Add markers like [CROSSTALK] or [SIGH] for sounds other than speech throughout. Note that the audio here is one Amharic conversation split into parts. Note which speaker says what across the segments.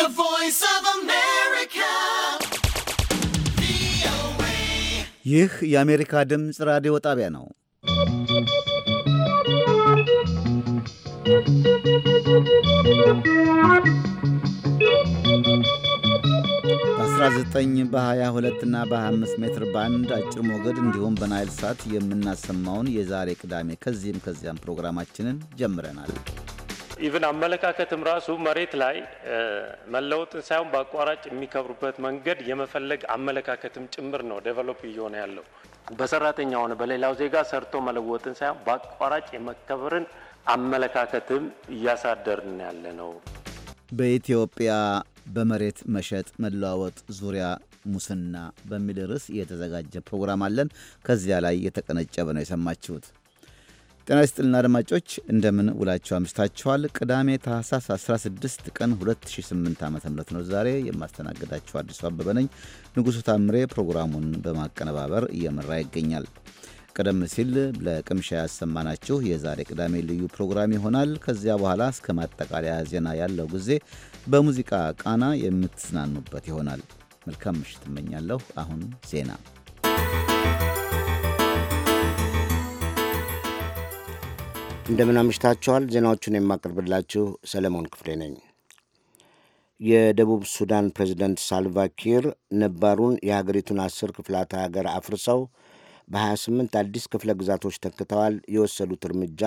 Speaker 1: The Voice of America.
Speaker 2: ይህ የአሜሪካ ድምፅ ራዲዮ ጣቢያ ነው። በ19 በ22 እና በ25 ሜትር ባንድ አጭር ሞገድ እንዲሁም በናይል ሳት የምናሰማውን የዛሬ ቅዳሜ ከዚህም ከዚያም ፕሮግራማችንን ጀምረናል።
Speaker 3: ኢቨን አመለካከትም ራሱ መሬት ላይ መለወጥን ሳይሆን በአቋራጭ የሚከብሩበት መንገድ የመፈለግ አመለካከትም ጭምር ነው ዴቨሎፕ እየሆነ ያለው። በሰራተኛ ሆነ በሌላው ዜጋ ሰርቶ መለወጥን ሳይሆን በአቋራጭ የመከበርን አመለካከትም እያሳደርን ያለ ነው።
Speaker 2: በኢትዮጵያ በመሬት መሸጥ መለዋወጥ ዙሪያ ሙስና በሚል ርዕስ የተዘጋጀ ፕሮግራም አለን። ከዚያ ላይ የተቀነጨበ ነው የሰማችሁት። ጤና ይስጥልና አድማጮች እንደምን ውላችሁ አምስታችኋል። ቅዳሜ ታህሳስ 16 ቀን 2008 ዓ ም ነው ዛሬ የማስተናገዳችሁ አዲሱ አበበ ነኝ። ንጉሡ ታምሬ ፕሮግራሙን በማቀነባበር እየመራ ይገኛል። ቀደም ሲል ለቅምሻ ያሰማናችሁ የዛሬ ቅዳሜ ልዩ ፕሮግራም ይሆናል። ከዚያ በኋላ እስከ ማጠቃለያ ዜና ያለው ጊዜ በሙዚቃ ቃና የምትዝናኑበት ይሆናል። መልካም ምሽት እመኛለሁ። አሁን ዜና
Speaker 4: እንደምን አምሽታችኋል። ዜናዎቹን የማቀርብላችሁ ሰለሞን ክፍሌ ነኝ። የደቡብ ሱዳን ፕሬዚደንት ሳልቫኪር ነባሩን የሀገሪቱን አስር ክፍላተ ሀገር አፍርሰው በ28 አዲስ ክፍለ ግዛቶች ተክተዋል። የወሰዱት እርምጃ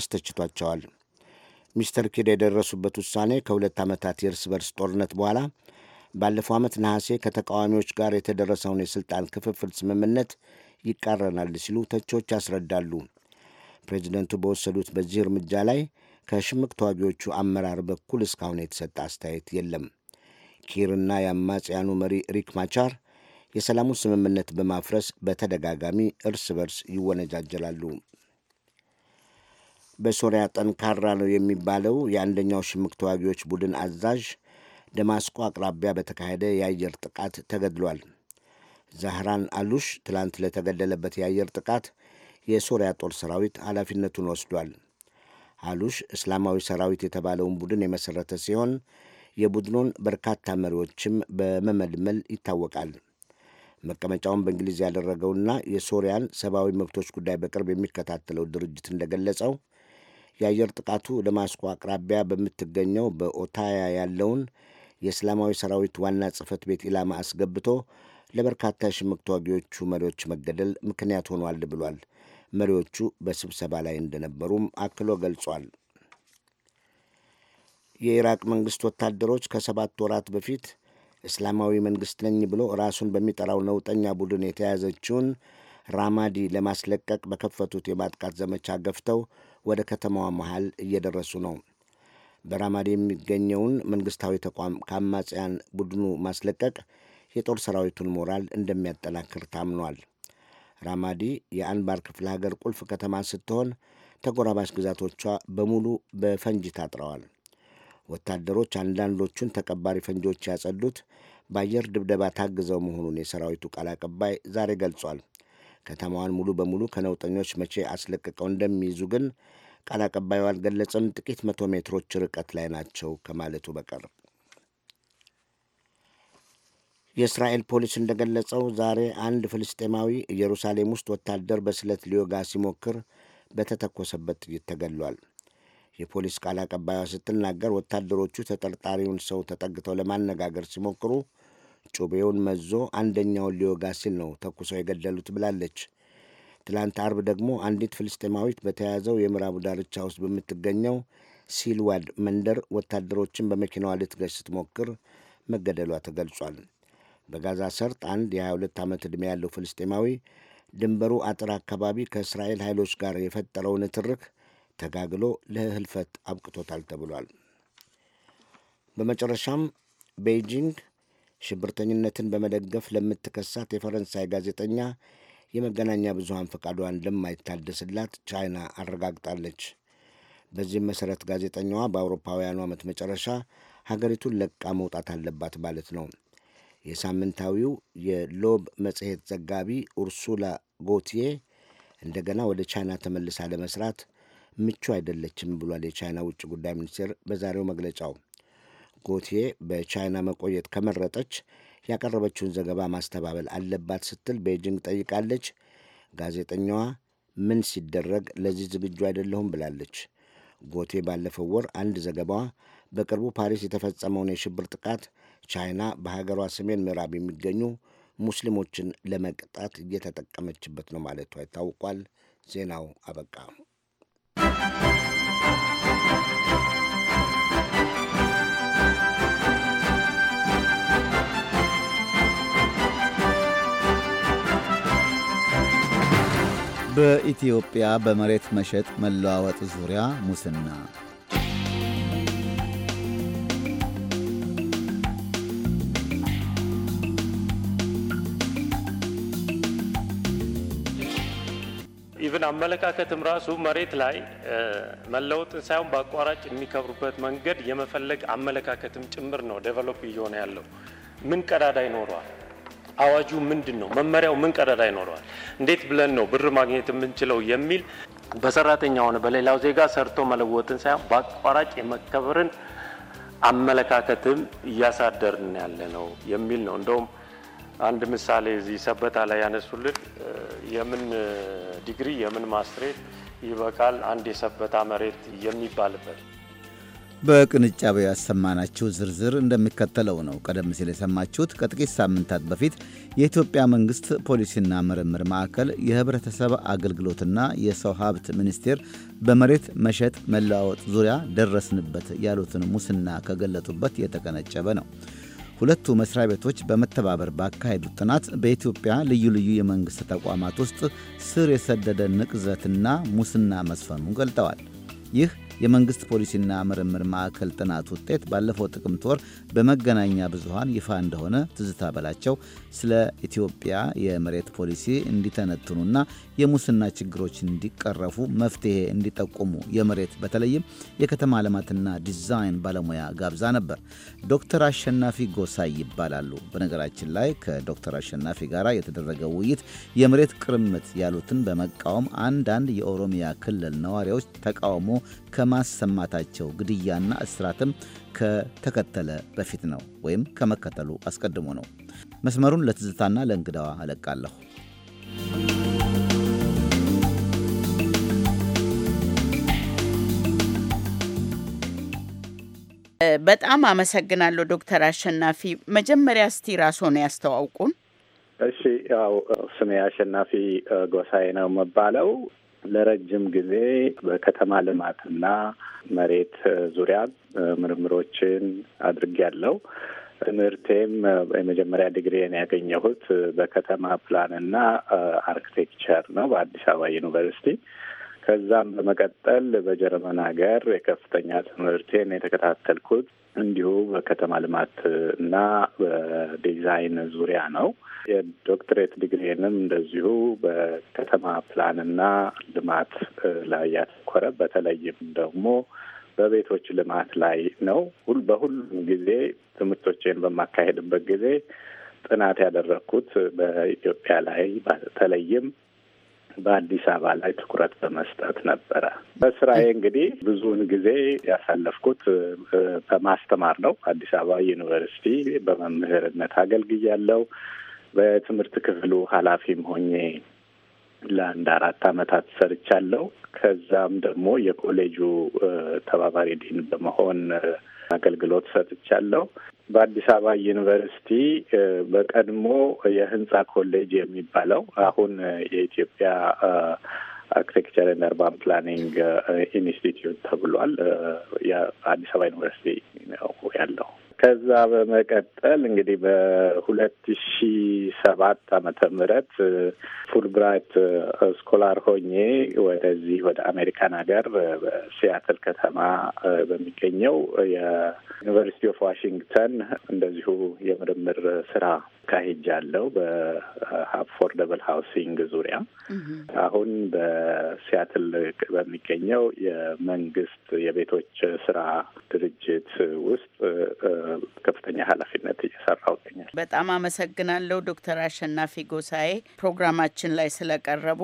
Speaker 4: አስተችቷቸዋል። ሚስተር ኪር የደረሱበት ውሳኔ ከሁለት ዓመታት የእርስ በርስ ጦርነት በኋላ ባለፈው ዓመት ነሐሴ ከተቃዋሚዎች ጋር የተደረሰውን የሥልጣን ክፍፍል ስምምነት ይቃረናል ሲሉ ተቾች ያስረዳሉ። ፕሬዚደንቱ በወሰዱት በዚህ እርምጃ ላይ ከሽምቅ ተዋጊዎቹ አመራር በኩል እስካሁን የተሰጠ አስተያየት የለም። ኪርና የአማጽያኑ መሪ ሪክ ማቻር የሰላሙን ስምምነት በማፍረስ በተደጋጋሚ እርስ በርስ ይወነጃጀላሉ። በሶሪያ ጠንካራ ነው የሚባለው የአንደኛው ሽምቅ ተዋጊዎች ቡድን አዛዥ ደማስቆ አቅራቢያ በተካሄደ የአየር ጥቃት ተገድሏል። ዛህራን አሉሽ ትላንት ለተገደለበት የአየር ጥቃት የሶሪያ ጦር ሰራዊት ኃላፊነቱን ወስዷል። አሉሽ እስላማዊ ሰራዊት የተባለውን ቡድን የመሠረተ ሲሆን የቡድኑን በርካታ መሪዎችም በመመልመል ይታወቃል። መቀመጫውን በእንግሊዝ ያደረገውና የሶሪያን ሰብአዊ መብቶች ጉዳይ በቅርብ የሚከታተለው ድርጅት እንደገለጸው የአየር ጥቃቱ ደማስቆ አቅራቢያ በምትገኘው በኦታያ ያለውን የእስላማዊ ሰራዊት ዋና ጽህፈት ቤት ኢላማ አስገብቶ ለበርካታ የሽምቅ ተዋጊዎቹ መሪዎች መገደል ምክንያት ሆኗል ብሏል። መሪዎቹ በስብሰባ ላይ እንደነበሩም አክሎ ገልጿል። የኢራቅ መንግሥት ወታደሮች ከሰባት ወራት በፊት እስላማዊ መንግሥት ነኝ ብሎ ራሱን በሚጠራው ነውጠኛ ቡድን የተያዘችውን ራማዲ ለማስለቀቅ በከፈቱት የማጥቃት ዘመቻ ገፍተው ወደ ከተማዋ መሃል እየደረሱ ነው። በራማዲ የሚገኘውን መንግሥታዊ ተቋም ከአማጽያን ቡድኑ ማስለቀቅ የጦር ሰራዊቱን ሞራል እንደሚያጠናክር ታምኗል። ራማዲ የአንባር ክፍለ ሀገር ቁልፍ ከተማ ስትሆን ተጎራባች ግዛቶቿ በሙሉ በፈንጂ ታጥረዋል። ወታደሮች አንዳንዶቹን ተቀባሪ ፈንጂዎች ያጸዱት በአየር ድብደባ ታግዘው መሆኑን የሰራዊቱ ቃል አቀባይ ዛሬ ገልጿል። ከተማዋን ሙሉ በሙሉ ከነውጠኞች መቼ አስለቅቀው እንደሚይዙ ግን ቃል አቀባዩ አልገለጸም። ጥቂት መቶ ሜትሮች ርቀት ላይ ናቸው ከማለቱ በቀር የእስራኤል ፖሊስ እንደገለጸው ዛሬ አንድ ፍልስጤማዊ ኢየሩሳሌም ውስጥ ወታደር በስለት ሊወጋ ሲሞክር በተተኮሰበት ጥይት ተገድሏል። የፖሊስ ቃል አቀባዩ ስትናገር ወታደሮቹ ተጠርጣሪውን ሰው ተጠግተው ለማነጋገር ሲሞክሩ ጩቤውን መዞ አንደኛውን ሊወጋ ሲል ነው ተኩሰው የገደሉት ብላለች። ትላንት አርብ ደግሞ አንዲት ፍልስጤማዊት በተያያዘው የምዕራቡ ዳርቻ ውስጥ በምትገኘው ሲልዋድ መንደር ወታደሮችን በመኪናዋ ልትገጭ ስትሞክር መገደሏ ተገልጿል። በጋዛ ሰርጥ አንድ የ22 ዓመት ዕድሜ ያለው ፍልስጤማዊ ድንበሩ አጥር አካባቢ ከእስራኤል ኃይሎች ጋር የፈጠረውን ትርክ ተጋግሎ ለህልፈት አብቅቶታል ተብሏል። በመጨረሻም ቤይጂንግ ሽብርተኝነትን በመደገፍ ለምትከሳት የፈረንሳይ ጋዜጠኛ የመገናኛ ብዙሃን ፈቃዷ እንደማይታደስላት ቻይና አረጋግጣለች። በዚህም መሠረት ጋዜጠኛዋ በአውሮፓውያኑ ዓመት መጨረሻ ሀገሪቱን ለቃ መውጣት አለባት ማለት ነው። የሳምንታዊው የሎብ መጽሔት ዘጋቢ ኡርሱላ ጎትዬ እንደገና ወደ ቻይና ተመልሳ ለመስራት ምቹ አይደለችም ብሏል የቻይና ውጭ ጉዳይ ሚኒስቴር በዛሬው መግለጫው። ጎትዬ በቻይና መቆየት ከመረጠች ያቀረበችውን ዘገባ ማስተባበል አለባት ስትል ቤጂንግ ጠይቃለች። ጋዜጠኛዋ ምን ሲደረግ ለዚህ ዝግጁ አይደለሁም ብላለች። ጎቴ ባለፈው ወር አንድ ዘገባዋ በቅርቡ ፓሪስ የተፈጸመውን የሽብር ጥቃት ቻይና በሀገሯ ሰሜን ምዕራብ የሚገኙ ሙስሊሞችን ለመቅጣት እየተጠቀመችበት ነው ማለቷ ይታውቋል። ዜናው አበቃ።
Speaker 2: በኢትዮጵያ በመሬት መሸጥ መለዋወጥ ዙሪያ ሙስና
Speaker 3: አመለካከትም ራሱ መሬት ላይ መለወጥን ሳይሆን በአቋራጭ የሚከብሩበት መንገድ የመፈለግ አመለካከትም ጭምር ነው ዴቨሎፕ እየሆነ ያለው። ምን ቀዳዳ ይኖረዋል? አዋጁ ምንድን ነው? መመሪያው ምን ቀዳዳ ይኖረዋል? እንዴት ብለን ነው ብር ማግኘት የምንችለው? የሚል በሰራተኛ ሆነ በሌላው ዜጋ ሰርቶ መለወጥን ሳይሆን በአቋራጭ የመከበርን አመለካከትም እያሳደርን ያለ ነው የሚል ነው እንደውም አንድ ምሳሌ እዚህ ሰበታ ላይ ያነሱልን የምን ዲግሪ የምን ማስትሬት ይበቃል አንድ የሰበታ መሬት የሚባልበት
Speaker 2: በቅንጫቤ ያሰማናችሁ ዝርዝር እንደሚከተለው ነው። ቀደም ሲል የሰማችሁት ከጥቂት ሳምንታት በፊት የኢትዮጵያ መንግሥት ፖሊሲና ምርምር ማዕከል የህብረተሰብ አገልግሎትና የሰው ሀብት ሚኒስቴር በመሬት መሸጥ መለዋወጥ ዙሪያ ደረስንበት ያሉትን ሙስና ከገለጡበት የተቀነጨበ ነው። ሁለቱ መስሪያ ቤቶች በመተባበር ባካሄዱት ጥናት በኢትዮጵያ ልዩ ልዩ የመንግሥት ተቋማት ውስጥ ስር የሰደደ ንቅዘትና ሙስና መስፈኑን ገልጠዋል። ይህ የመንግሥት ፖሊሲና ምርምር ማዕከል ጥናት ውጤት ባለፈው ጥቅምት ወር በመገናኛ ብዙሃን ይፋ እንደሆነ ትዝታ በላቸው ስለ ኢትዮጵያ የመሬት ፖሊሲ እንዲተነትኑና የሙስና ችግሮች እንዲቀረፉ መፍትሄ እንዲጠቁሙ የመሬት በተለይም የከተማ ልማትና ዲዛይን ባለሙያ ጋብዛ ነበር። ዶክተር አሸናፊ ጎሳይ ይባላሉ። በነገራችን ላይ ከዶክተር አሸናፊ ጋር የተደረገ ውይይት የመሬት ቅርምት ያሉትን በመቃወም አንዳንድ የኦሮሚያ ክልል ነዋሪዎች ተቃውሞ ከማሰማታቸው ግድያና እስራትም ከተከተለ በፊት ነው ወይም ከመከተሉ አስቀድሞ ነው። መስመሩን ለትዝታና ለእንግዳዋ አለቃለሁ።
Speaker 5: በጣም አመሰግናለሁ ዶክተር አሸናፊ። መጀመሪያ እስቲ ራስዎን ያስተዋውቁን።
Speaker 6: እሺ ያው ስሜ አሸናፊ ጎሳዬ ነው የምባለው። ለረጅም ጊዜ በከተማ ልማትና መሬት ዙሪያ ምርምሮችን አድርጌያለሁ። ትምህርቴም የመጀመሪያ ዲግሪን ያገኘሁት በከተማ ፕላንና አርክቴክቸር ነው በአዲስ አበባ ዩኒቨርሲቲ። ከዛም በመቀጠል በጀርመን ሀገር የከፍተኛ ትምህርቴን የተከታተልኩት እንዲሁ በከተማ ልማት እና በዲዛይን ዙሪያ ነው። የዶክትሬት ዲግሪንም እንደዚሁ በከተማ ፕላንና ልማት ላይ ያተኮረ በተለይም ደግሞ በቤቶች ልማት ላይ ነው። በሁሉም ጊዜ ትምህርቶቼን በማካሄድበት ጊዜ ጥናት ያደረግኩት በኢትዮጵያ ላይ በተለይም በአዲስ አበባ ላይ ትኩረት በመስጠት ነበረ። በስራዬ እንግዲህ ብዙውን ጊዜ ያሳለፍኩት በማስተማር ነው። አዲስ አበባ ዩኒቨርሲቲ በመምህርነት አገልግያለሁ። በትምህርት ክፍሉ ኃላፊም ሆኜ ለአንድ አራት አመታት ሰርቻለሁ። ከዛም ደግሞ የኮሌጁ ተባባሪ ዲን በመሆን አገልግሎት ሰጥቻለሁ። በአዲስ አበባ ዩኒቨርሲቲ በቀድሞ የህንጻ ኮሌጅ የሚባለው አሁን የኢትዮጵያ አርክቴክቸር ኤንድ አርባን ፕላኒንግ ኢንስቲትዩት ተብሏል። የአዲስ አበባ ዩኒቨርሲቲ ነው ያለው። ከዛ በመቀጠል እንግዲህ በሁለት ሺ ሰባት አመተ ምህረት ፉልብራይት ስኮላር ሆኜ ወደዚህ ወደ አሜሪካን ሀገር በሲያትል ከተማ በሚገኘው የዩኒቨርሲቲ ኦፍ ዋሽንግተን እንደዚሁ የምርምር ስራ ካሄጃለሁ በአፎርደብል ሀውሲንግ ዙሪያ። አሁን በሲያትል በሚገኘው የመንግስት የቤቶች ስራ ድርጅት ውስጥ ከፍተኛ ኃላፊነት እየሰራው ይገኛል።
Speaker 5: በጣም አመሰግናለሁ ዶክተር አሸናፊ ጎሳኤ ፕሮግራማችን ላይ ስለቀረቡ።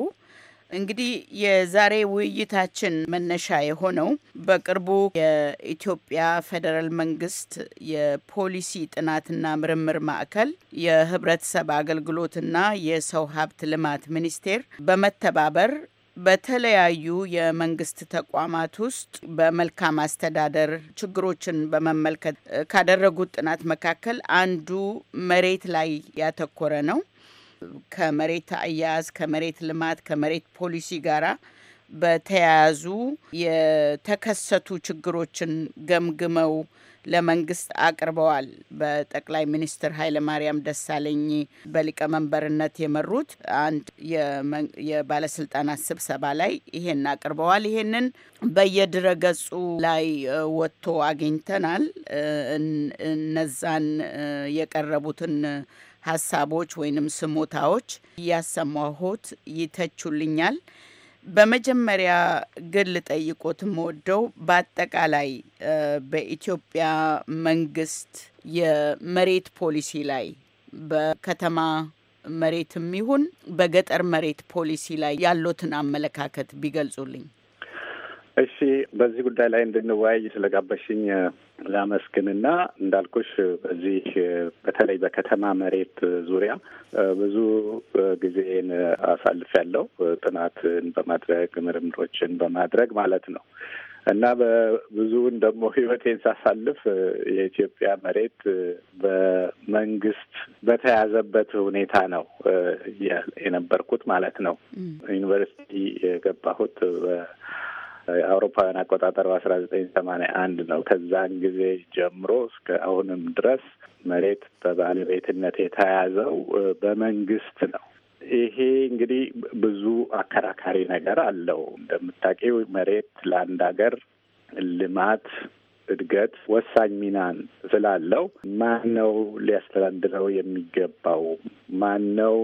Speaker 5: እንግዲህ የዛሬ ውይይታችን መነሻ የሆነው በቅርቡ የኢትዮጵያ ፌዴራል መንግስት የፖሊሲ ጥናትና ምርምር ማዕከል የህብረተሰብ አገልግሎትና የሰው ሀብት ልማት ሚኒስቴር በመተባበር በተለያዩ የመንግስት ተቋማት ውስጥ በመልካም አስተዳደር ችግሮችን በመመልከት ካደረጉት ጥናት መካከል አንዱ መሬት ላይ ያተኮረ ነው። ከመሬት አያያዝ፣ ከመሬት ልማት፣ ከመሬት ፖሊሲ ጋራ በተያያዙ የተከሰቱ ችግሮችን ገምግመው ለመንግስት አቅርበዋል። በጠቅላይ ሚኒስትር ኃይለማርያም ደሳለኝ በሊቀመንበርነት የመሩት አንድ የባለስልጣናት ስብሰባ ላይ ይሄን አቅርበዋል። ይሄንን በየድረገጹ ላይ ወጥቶ አግኝተናል። እነዛን የቀረቡትን ሀሳቦች ወይንም ስሞታዎች እያሰማሁት ይተቹልኛል። በመጀመሪያ ግን ልጠይቆት የምወደው በአጠቃላይ በኢትዮጵያ መንግስት የመሬት ፖሊሲ ላይ በከተማ መሬትም ይሁን በገጠር መሬት ፖሊሲ ላይ ያሉትን አመለካከት ቢገልጹልኝ።
Speaker 6: እሺ በዚህ ጉዳይ ላይ እንድንወያይ ስለጋበሽኝ ላመስግንና እንዳልኩሽ በዚህ በተለይ በከተማ መሬት ዙሪያ ብዙ ጊዜን ያለው ጥናትን በማድረግ ምርምሮችን በማድረግ ማለት ነው። እና በብዙውን ደግሞ ህይወቴን ሳሳልፍ የኢትዮጵያ መሬት በመንግስት በተያዘበት ሁኔታ ነው የነበርኩት ማለት ነው። ዩኒቨርሲቲ የገባሁት አውሮፓውያን አቆጣጠር በአስራ ዘጠኝ ሰማንያ አንድ ነው። ከዛን ጊዜ ጀምሮ እስከ አሁንም ድረስ መሬት በባለቤትነት የተያዘው በመንግስት ነው። ይሄ እንግዲህ ብዙ አከራካሪ ነገር አለው። እንደምታውቂው መሬት ለአንድ ሀገር ልማት እድገት ወሳኝ ሚናን ስላለው ማን ነው ሊያስተዳድረው የሚገባው? ማን ነው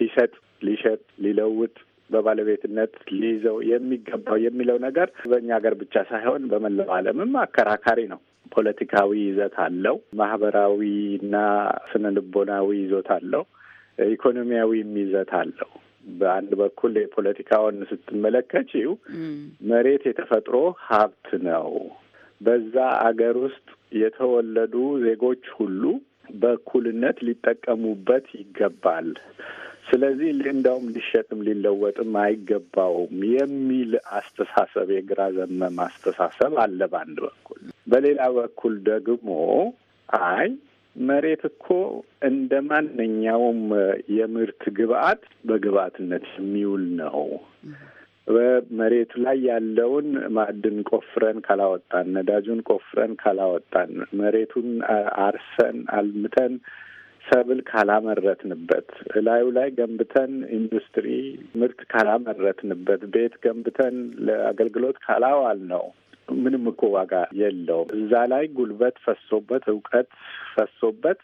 Speaker 6: ሊሰጥ ሊሸጥ ሊለውጥ በባለቤትነት ሊይዘው የሚገባው የሚለው ነገር በእኛ ሀገር ብቻ ሳይሆን በመላው ዓለምም አከራካሪ ነው። ፖለቲካዊ ይዘት አለው። ማህበራዊና ስነ ልቦናዊ ይዞት አለው። ኢኮኖሚያዊም ይዘት አለው። በአንድ በኩል የፖለቲካውን ስትመለከችው መሬት የተፈጥሮ ሀብት ነው። በዛ አገር ውስጥ የተወለዱ ዜጎች ሁሉ በእኩልነት ሊጠቀሙበት ይገባል። ስለዚህ እንደውም ሊሸጥም ሊለወጥም አይገባውም የሚል አስተሳሰብ፣ የግራ ዘመም አስተሳሰብ አለ በአንድ በኩል። በሌላ በኩል ደግሞ አይ መሬት እኮ እንደ ማንኛውም የምርት ግብአት በግብአትነት የሚውል ነው። በመሬቱ ላይ ያለውን ማዕድን ቆፍረን ካላወጣን፣ ነዳጁን ቆፍረን ካላወጣን፣ መሬቱን አርሰን አልምተን ሰብል ካላመረትንበት፣ እላዩ ላይ ገንብተን ኢንዱስትሪ ምርት ካላመረትንበት፣ ቤት ገንብተን ለአገልግሎት ካላዋል ነው ምንም እኮ ዋጋ የለውም። እዛ ላይ ጉልበት ፈሶበት እውቀት ፈሶበት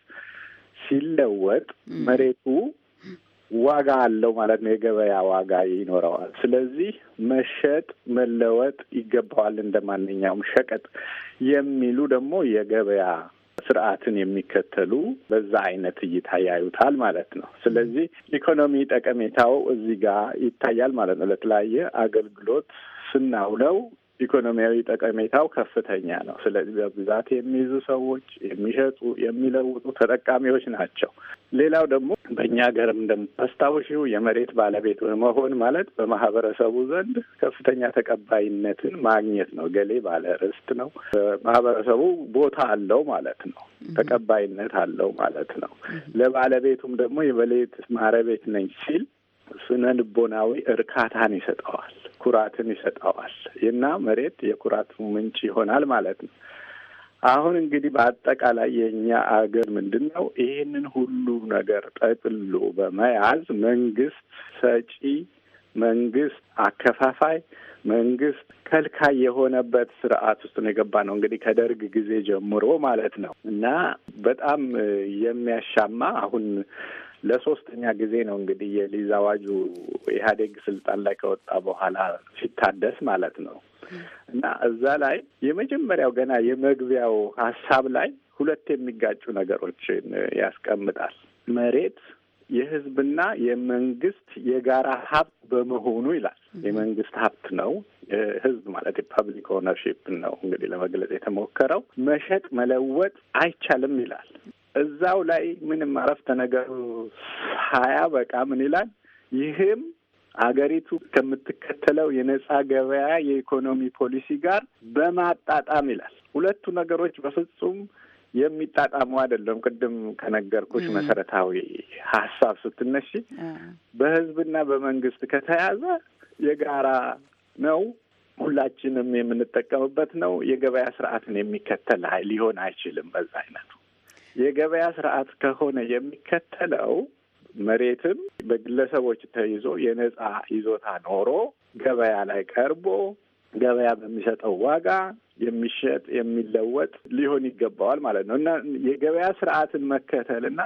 Speaker 6: ሲለወጥ መሬቱ ዋጋ አለው ማለት ነው። የገበያ ዋጋ ይኖረዋል። ስለዚህ መሸጥ መለወጥ ይገባዋል እንደ ማንኛውም ሸቀጥ የሚሉ ደግሞ የገበያ ስርዓትን የሚከተሉ በዛ አይነት እይታ ያዩታል ማለት ነው። ስለዚህ ኢኮኖሚ ጠቀሜታው እዚህ ጋር ይታያል ማለት ነው። ለተለያየ አገልግሎት ስናውለው ኢኮኖሚያዊ ጠቀሜታው ከፍተኛ ነው። ስለዚህ በብዛት የሚይዙ ሰዎች፣ የሚሸጡ፣ የሚለውጡ ተጠቃሚዎች ናቸው። ሌላው ደግሞ በእኛ ሀገርም እንደምታስታውሽው የመሬት ባለቤት መሆን ማለት በማህበረሰቡ ዘንድ ከፍተኛ ተቀባይነትን ማግኘት ነው። ገሌ ባለ ርስት ነው፣ ማህበረሰቡ ቦታ አለው ማለት ነው፣ ተቀባይነት አለው ማለት ነው። ለባለቤቱም ደግሞ የመሬት ማረቤት ነኝ ሲል ስነ ልቦናዊ እርካታን ይሰጠዋል፣ ኩራትን ይሰጠዋል እና መሬት የኩራት ምንጭ ይሆናል ማለት ነው። አሁን እንግዲህ በአጠቃላይ የእኛ አገር ምንድን ነው ይህንን ሁሉ ነገር ጠቅሎ በመያዝ መንግስት ሰጪ፣ መንግስት አከፋፋይ፣ መንግስት ከልካይ የሆነበት ስርዓት ውስጥ ነው የገባ ነው እንግዲህ ከደርግ ጊዜ ጀምሮ ማለት ነው እና በጣም የሚያሻማ አሁን ለሶስተኛ ጊዜ ነው እንግዲህ የሊዝ አዋጁ ኢህአዴግ ስልጣን ላይ ከወጣ በኋላ ሲታደስ ማለት ነው እና እዛ ላይ የመጀመሪያው ገና የመግቢያው ሀሳብ ላይ ሁለት የሚጋጩ ነገሮችን ያስቀምጣል። መሬት የህዝብና የመንግስት የጋራ ሀብት በመሆኑ ይላል። የመንግስት ሀብት ነው። ህዝብ ማለት የፐብሊክ ኦነርሺፕ ነው እንግዲህ ለመግለጽ የተሞከረው መሸጥ መለወጥ አይቻልም ይላል። እዛው ላይ ምንም አረፍተ ነገሩ ሀያ በቃ ምን ይላል? ይህም አገሪቱ ከምትከተለው የነጻ ገበያ የኢኮኖሚ ፖሊሲ ጋር በማጣጣም ይላል። ሁለቱ ነገሮች በፍጹም የሚጣጣሙ አይደለም። ቅድም ከነገርኩሽ መሰረታዊ ሀሳብ ስትነሺ በህዝብና በመንግስት ከተያዘ የጋራ ነው። ሁላችንም የምንጠቀምበት ነው። የገበያ ስርዓትን የሚከተል ሀይል ሊሆን አይችልም። በዛ አይነቱ የገበያ ስርዓት ከሆነ የሚከተለው መሬትም በግለሰቦች ተይዞ የነጻ ይዞታ ኖሮ ገበያ ላይ ቀርቦ ገበያ በሚሰጠው ዋጋ የሚሸጥ የሚለወጥ ሊሆን ይገባዋል ማለት ነው እና የገበያ ስርዓትን መከተል እና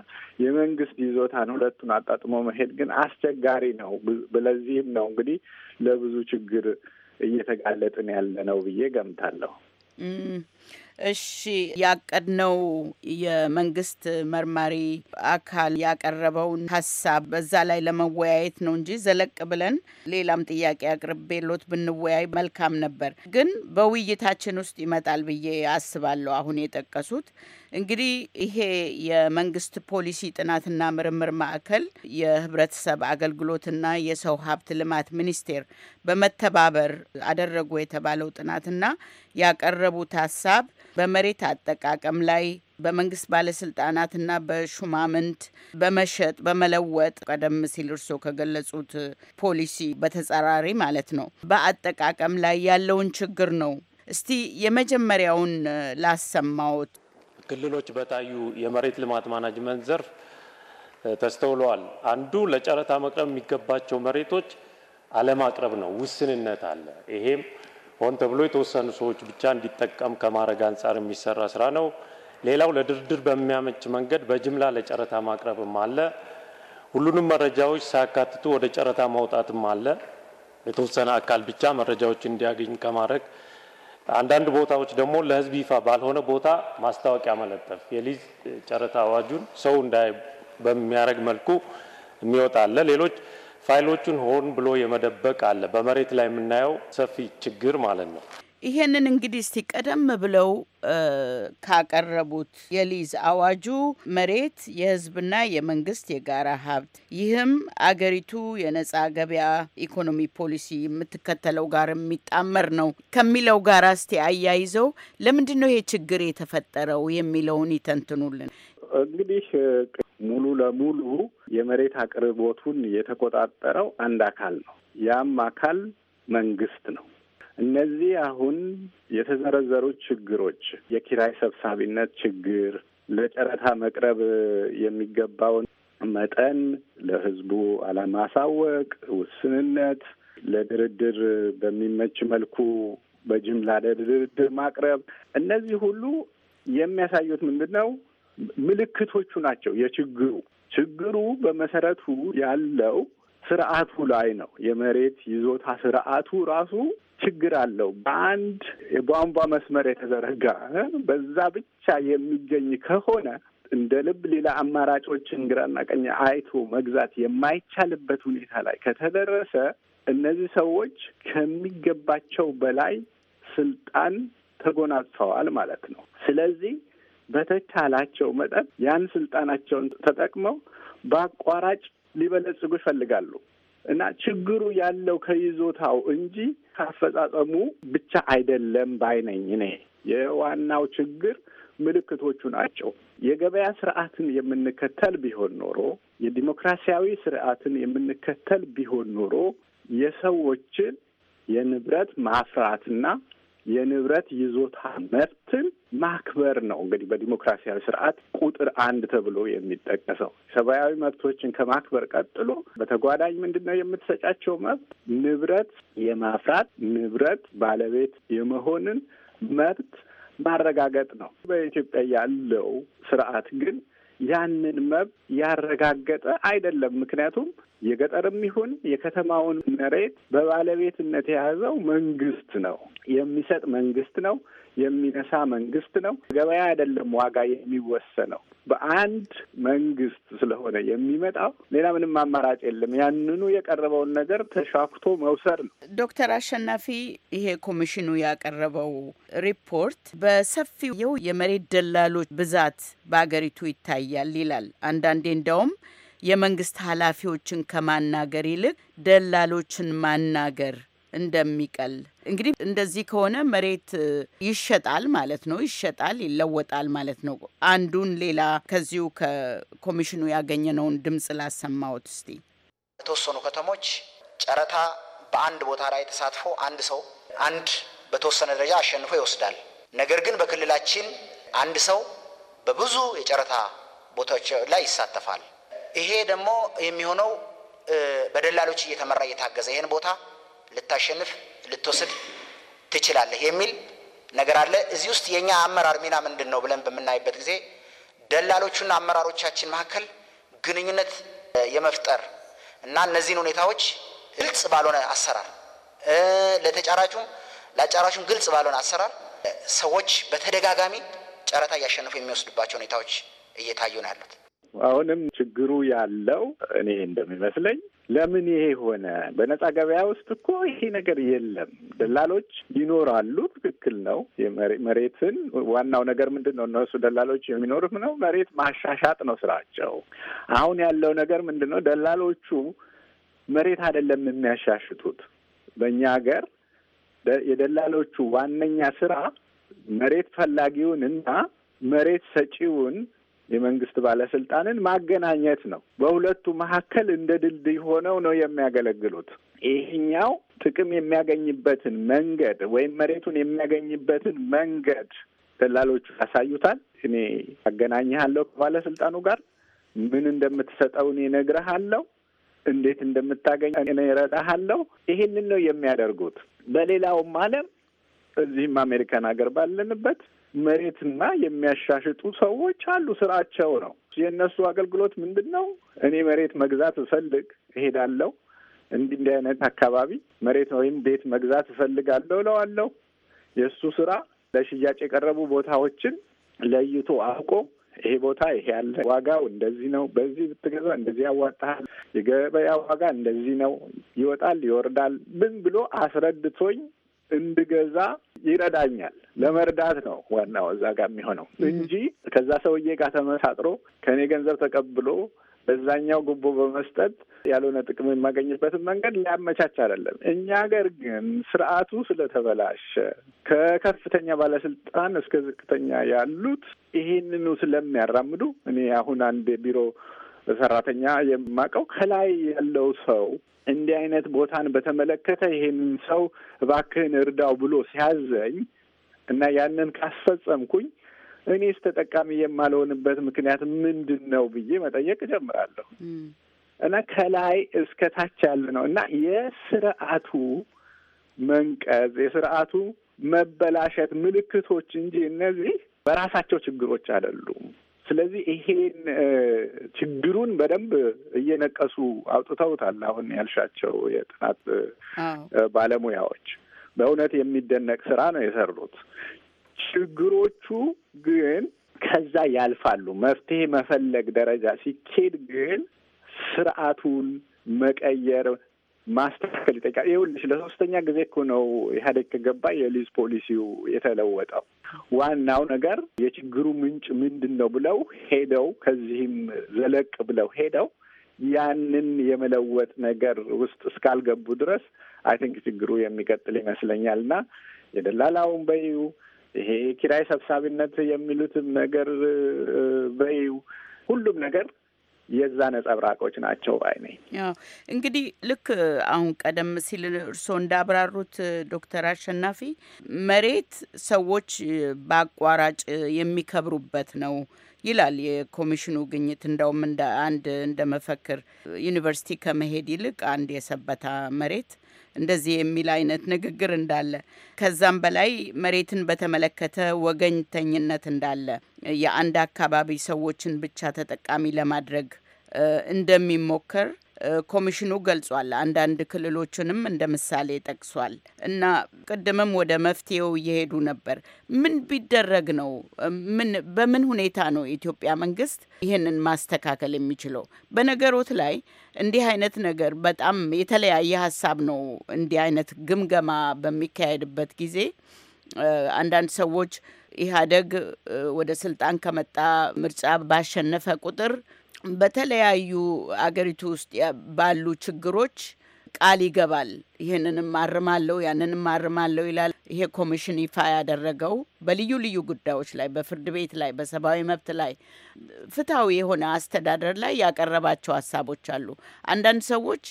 Speaker 6: የመንግስት ይዞታን ሁለቱን አጣጥሞ መሄድ ግን አስቸጋሪ ነው። ለዚህም ነው እንግዲህ ለብዙ ችግር እየተጋለጥን ያለ ነው ብዬ ገምታለሁ።
Speaker 5: እሺ ያቀድነው የመንግስት መርማሪ አካል ያቀረበውን ሀሳብ በዛ ላይ ለመወያየት ነው እንጂ ዘለቅ ብለን ሌላም ጥያቄ አቅርቤሎት ብንወያይ መልካም ነበር፣ ግን በውይይታችን ውስጥ ይመጣል ብዬ አስባለሁ። አሁን የጠቀሱት እንግዲህ ይሄ የመንግስት ፖሊሲ ጥናትና ምርምር ማዕከል የህብረተሰብ አገልግሎትና የሰው ሀብት ልማት ሚኒስቴር በመተባበር አደረጉ የተባለው ጥናትና ያቀረቡት ሀሳብ በመሬት አጠቃቀም ላይ በመንግስት ባለስልጣናትና በሹማምንት በመሸጥ በመለወጥ ቀደም ሲል እርስዎ ከገለጹት ፖሊሲ በተጻራሪ ማለት ነው በአጠቃቀም ላይ ያለውን ችግር ነው። እስቲ የመጀመሪያውን ላሰማዎት። ክልሎች በታዩ
Speaker 3: የመሬት ልማት ማናጅመንት ዘርፍ ተስተውለዋል። አንዱ ለጨረታ መቅረብ የሚገባቸው መሬቶች አለማቅረብ ነው። ውስንነት አለ። ይሄም ሆን ተብሎ የተወሰኑ ሰዎች ብቻ እንዲጠቀም ከማድረግ አንጻር የሚሰራ ስራ ነው። ሌላው ለድርድር በሚያመች መንገድ በጅምላ ለጨረታ ማቅረብም አለ። ሁሉንም መረጃዎች ሳያካትቱ ወደ ጨረታ ማውጣትም አለ። የተወሰነ አካል ብቻ መረጃዎች እንዲያገኝ ከማድረግ አንዳንድ ቦታዎች ደግሞ ለህዝብ ይፋ ባልሆነ ቦታ ማስታወቂያ መለጠፍ የሊዝ ጨረታ አዋጁን ሰው እንዳይ በሚያደርግ መልኩ የሚወጣ አለ። ሌሎች ፋይሎቹን ሆን ብሎ የመደበቅ አለ። በመሬት ላይ የምናየው ሰፊ ችግር ማለት ነው።
Speaker 5: ይሄንን እንግዲህ እስቲ ቀደም ብለው ካቀረቡት የሊዝ አዋጁ መሬት የህዝብና የመንግስት የጋራ ሀብት ይህም አገሪቱ የነጻ ገበያ ኢኮኖሚ ፖሊሲ የምትከተለው ጋር የሚጣመር ነው ከሚለው ጋር እስቲ አያይዘው ለምንድን ነው ይሄ ችግር የተፈጠረው የሚለውን ይተንትኑልን።
Speaker 6: እንግዲህ ሙሉ ለሙሉ የመሬት አቅርቦቱን የተቆጣጠረው አንድ አካል ነው። ያም አካል መንግስት ነው። እነዚህ አሁን የተዘረዘሩ ችግሮች የኪራይ ሰብሳቢነት ችግር፣ ለጨረታ መቅረብ የሚገባውን መጠን ለሕዝቡ አለማሳወቅ፣ ውስንነት፣ ለድርድር በሚመች መልኩ በጅምላ ለድርድር ማቅረብ፣ እነዚህ ሁሉ የሚያሳዩት ምንድን ነው? ምልክቶቹ ናቸው የችግሩ ችግሩ በመሰረቱ ያለው ስርዓቱ ላይ ነው። የመሬት ይዞታ ስርዓቱ ራሱ ችግር አለው። በአንድ የቧንቧ መስመር የተዘረጋ በዛ ብቻ የሚገኝ ከሆነ እንደ ልብ ሌላ አማራጮችን ግራና ቀኝ አይቶ መግዛት የማይቻልበት ሁኔታ ላይ ከተደረሰ እነዚህ ሰዎች ከሚገባቸው በላይ ስልጣን ተጎናጽፈዋል ማለት ነው። ስለዚህ በተቻላቸው መጠን ያን ስልጣናቸውን ተጠቅመው በአቋራጭ ሊበለጽጉ ይፈልጋሉ እና ችግሩ ያለው ከይዞታው እንጂ ከአፈጻጸሙ ብቻ አይደለም ባይነኝ እኔ የዋናው ችግር ምልክቶቹ ናቸው። የገበያ ስርዓትን የምንከተል ቢሆን ኖሮ የዲሞክራሲያዊ ስርዓትን የምንከተል ቢሆን ኖሮ የሰዎችን የንብረት ማፍራትና የንብረት ይዞታ መብትን ማክበር ነው። እንግዲህ በዲሞክራሲያዊ ስርዓት ቁጥር አንድ ተብሎ የሚጠቀሰው ሰብአዊ መብቶችን ከማክበር ቀጥሎ በተጓዳኝ ምንድን ነው የምትሰጫቸው መብት ንብረት የማፍራት ንብረት ባለቤት የመሆንን መብት ማረጋገጥ ነው። በኢትዮጵያ ያለው ስርዓት ግን ያንን መብት ያረጋገጠ አይደለም። ምክንያቱም የገጠርም ይሁን የከተማውን መሬት በባለቤትነት የያዘው መንግስት ነው፣ የሚሰጥ መንግስት ነው። የሚነሳ መንግስት ነው። ገበያ አይደለም ዋጋ የሚወሰነው በአንድ መንግስት ስለሆነ የሚመጣው ሌላ ምንም አማራጭ የለም። ያንኑ የቀረበውን ነገር ተሻክቶ መውሰድ ነው።
Speaker 5: ዶክተር አሸናፊ ይሄ ኮሚሽኑ ያቀረበው ሪፖርት በሰፊው የመሬት ደላሎች ብዛት በሀገሪቱ ይታያል ይላል። አንዳንዴ እንደውም የመንግስት ኃላፊዎችን ከማናገር ይልቅ ደላሎችን ማናገር እንደሚቀል እንግዲህ እንደዚህ ከሆነ መሬት ይሸጣል ማለት ነው፣ ይሸጣል ይለወጣል ማለት ነው። አንዱን ሌላ ከዚሁ ከኮሚሽኑ ያገኘነውን ድምፅ ላሰማዎት እስቲ።
Speaker 2: የተወሰኑ ከተሞች ጨረታ በአንድ ቦታ ላይ ተሳትፎ አንድ ሰው አንድ በተወሰነ ደረጃ አሸንፎ ይወስዳል። ነገር ግን በክልላችን አንድ ሰው በብዙ የጨረታ ቦታዎች ላይ ይሳተፋል። ይሄ ደግሞ የሚሆነው በደላሎች እየተመራ እየታገዘ ይህን ቦታ ልታሸንፍ ልትወስድ ትችላለህ የሚል ነገር አለ። እዚህ ውስጥ የእኛ አመራር ሚና ምንድን ነው ብለን በምናይበት ጊዜ ደላሎቹና አመራሮቻችን መካከል ግንኙነት የመፍጠር እና እነዚህን ሁኔታዎች ግልጽ ባልሆነ አሰራር ለተጫራቹም ለአጫራቹም ግልጽ ባልሆነ አሰራር ሰዎች በተደጋጋሚ ጨረታ እያሸነፉ የሚወስዱባቸው ሁኔታዎች
Speaker 6: እየታዩ ነው ያሉት። አሁንም ችግሩ ያለው እኔ እንደሚመስለኝ ለምን ይሄ ሆነ? በነጻ ገበያ ውስጥ እኮ ይሄ ነገር የለም። ደላሎች ይኖራሉ፣ ትክክል ነው። መሬትን ዋናው ነገር ምንድን ነው? እነሱ ደላሎች የሚኖሩት ነው መሬት ማሻሻጥ ነው ስራቸው። አሁን ያለው ነገር ምንድን ነው? ደላሎቹ መሬት አይደለም የሚያሻሽቱት በእኛ ሀገር የደላሎቹ ዋነኛ ስራ መሬት ፈላጊውን እና መሬት ሰጪውን የመንግስት ባለስልጣንን ማገናኘት ነው። በሁለቱ መካከል እንደ ድልድይ ሆነው ነው የሚያገለግሉት። ይህኛው ጥቅም የሚያገኝበትን መንገድ ወይም መሬቱን የሚያገኝበትን መንገድ ደላሎቹ ያሳዩታል። እኔ አገናኝሃለሁ ከባለስልጣኑ ጋር ምን እንደምትሰጠው እኔ እነግርሃለሁ፣ እንዴት እንደምታገኝ እኔ እረዳሃለሁ። ይሄንን ነው የሚያደርጉት። በሌላውም ዓለም እዚህም አሜሪካን ሀገር ባለንበት መሬትና የሚያሻሽጡ ሰዎች አሉ። ስራቸው ነው። የእነሱ አገልግሎት ምንድን ነው? እኔ መሬት መግዛት እፈልግ እሄዳለሁ። እንዲህ እንዲህ አይነት አካባቢ መሬት ወይም ቤት መግዛት እፈልጋለሁ እለዋለሁ። የእሱ ስራ ለሽያጭ የቀረቡ ቦታዎችን ለይቶ አውቆ ይሄ ቦታ ይሄ ያለ ዋጋው እንደዚህ ነው፣ በዚህ ብትገዛ እንደዚህ ያዋጣል፣ የገበያ ዋጋ እንደዚህ ነው፣ ይወጣል ይወርዳል ብን ብሎ አስረድቶኝ እንድገዛ ይረዳኛል። ለመርዳት ነው ዋናው እዛ ጋር የሚሆነው እንጂ ከዛ ሰውዬ ጋር ተመሳጥሮ ከእኔ ገንዘብ ተቀብሎ በዛኛው ጉቦ በመስጠት ያልሆነ ጥቅም የማገኝበትን መንገድ ሊያመቻች አይደለም። እኛ ሀገር ግን ስርዓቱ ስለተበላሸ ከከፍተኛ ባለስልጣን እስከ ዝቅተኛ ያሉት ይሄንኑ ስለሚያራምዱ እኔ አሁን አንድ ቢሮ በሰራተኛ የማውቀው ከላይ ያለው ሰው እንዲህ አይነት ቦታን በተመለከተ ይህንን ሰው እባክህን እርዳው ብሎ ሲያዘኝ እና ያንን ካስፈጸምኩኝ እኔስ ተጠቃሚ የማልሆንበት ምክንያት ምንድን ነው ብዬ መጠየቅ እጀምራለሁ። እና ከላይ እስከ ታች ያለ ነው እና የስርዓቱ መንቀዝ የስርዓቱ መበላሸት ምልክቶች እንጂ እነዚህ በራሳቸው ችግሮች አይደሉም። ስለዚህ ይሄን ችግሩን በደንብ እየነቀሱ አውጥተውታል። አሁን ያልሻቸው የጥናት ባለሙያዎች በእውነት የሚደነቅ ስራ ነው የሰሩት። ችግሮቹ ግን ከዛ ያልፋሉ። መፍትሄ መፈለግ ደረጃ ሲኬድ ግን ስርዓቱን መቀየር ማስተካከል ይጠይቃል። ይኸውልሽ ለሶስተኛ ጊዜ እኮ ነው ኢህአዴግ ከገባ የሊዝ ፖሊሲው የተለወጠው። ዋናው ነገር የችግሩ ምንጭ ምንድን ነው ብለው ሄደው ከዚህም ዘለቅ ብለው ሄደው ያንን የመለወጥ ነገር ውስጥ እስካልገቡ ድረስ አይ ቲንክ ችግሩ የሚቀጥል ይመስለኛል እና የደላላውን በዩ ይሄ ኪራይ ሰብሳቢነት የሚሉትም ነገር በዩ ሁሉም ነገር የዛ ነጸብራቆች ናቸው ባይ ነኝ።
Speaker 5: ያው እንግዲህ ልክ አሁን ቀደም ሲል እርስዎ እንዳብራሩት ዶክተር አሸናፊ መሬት ሰዎች በአቋራጭ የሚከብሩበት ነው ይላል የኮሚሽኑ ግኝት። እንደውም እንደ አንድ እንደ መፈክር ዩኒቨርሲቲ ከመሄድ ይልቅ አንድ የሰበታ መሬት እንደዚህ የሚል አይነት ንግግር እንዳለ ከዛም በላይ መሬትን በተመለከተ ወገኝተኝነት እንዳለ የአንድ አካባቢ ሰዎችን ብቻ ተጠቃሚ ለማድረግ እንደሚሞከር ኮሚሽኑ ገልጿል። አንዳንድ ክልሎችንም እንደ ምሳሌ ጠቅሷል እና ቅድምም ወደ መፍትሄው እየሄዱ ነበር። ምን ቢደረግ ነው? ምን በምን ሁኔታ ነው የኢትዮጵያ መንግስት ይህንን ማስተካከል የሚችለው? በነገሮት ላይ እንዲህ አይነት ነገር በጣም የተለያየ ሀሳብ ነው። እንዲህ አይነት ግምገማ በሚካሄድበት ጊዜ አንዳንድ ሰዎች ኢህአዴግ ወደ ስልጣን ከመጣ ምርጫ ባሸነፈ ቁጥር በተለያዩ አገሪቱ ውስጥ ባሉ ችግሮች ቃል ይገባል። ይህንንም አርማለሁ ያንንም አርማለሁ ይላል። ይሄ ኮሚሽን ይፋ ያደረገው በልዩ ልዩ ጉዳዮች ላይ በፍርድ ቤት ላይ፣ በሰብአዊ መብት ላይ፣ ፍትሐዊ የሆነ አስተዳደር ላይ ያቀረባቸው ሀሳቦች አሉ። አንዳንድ ሰዎች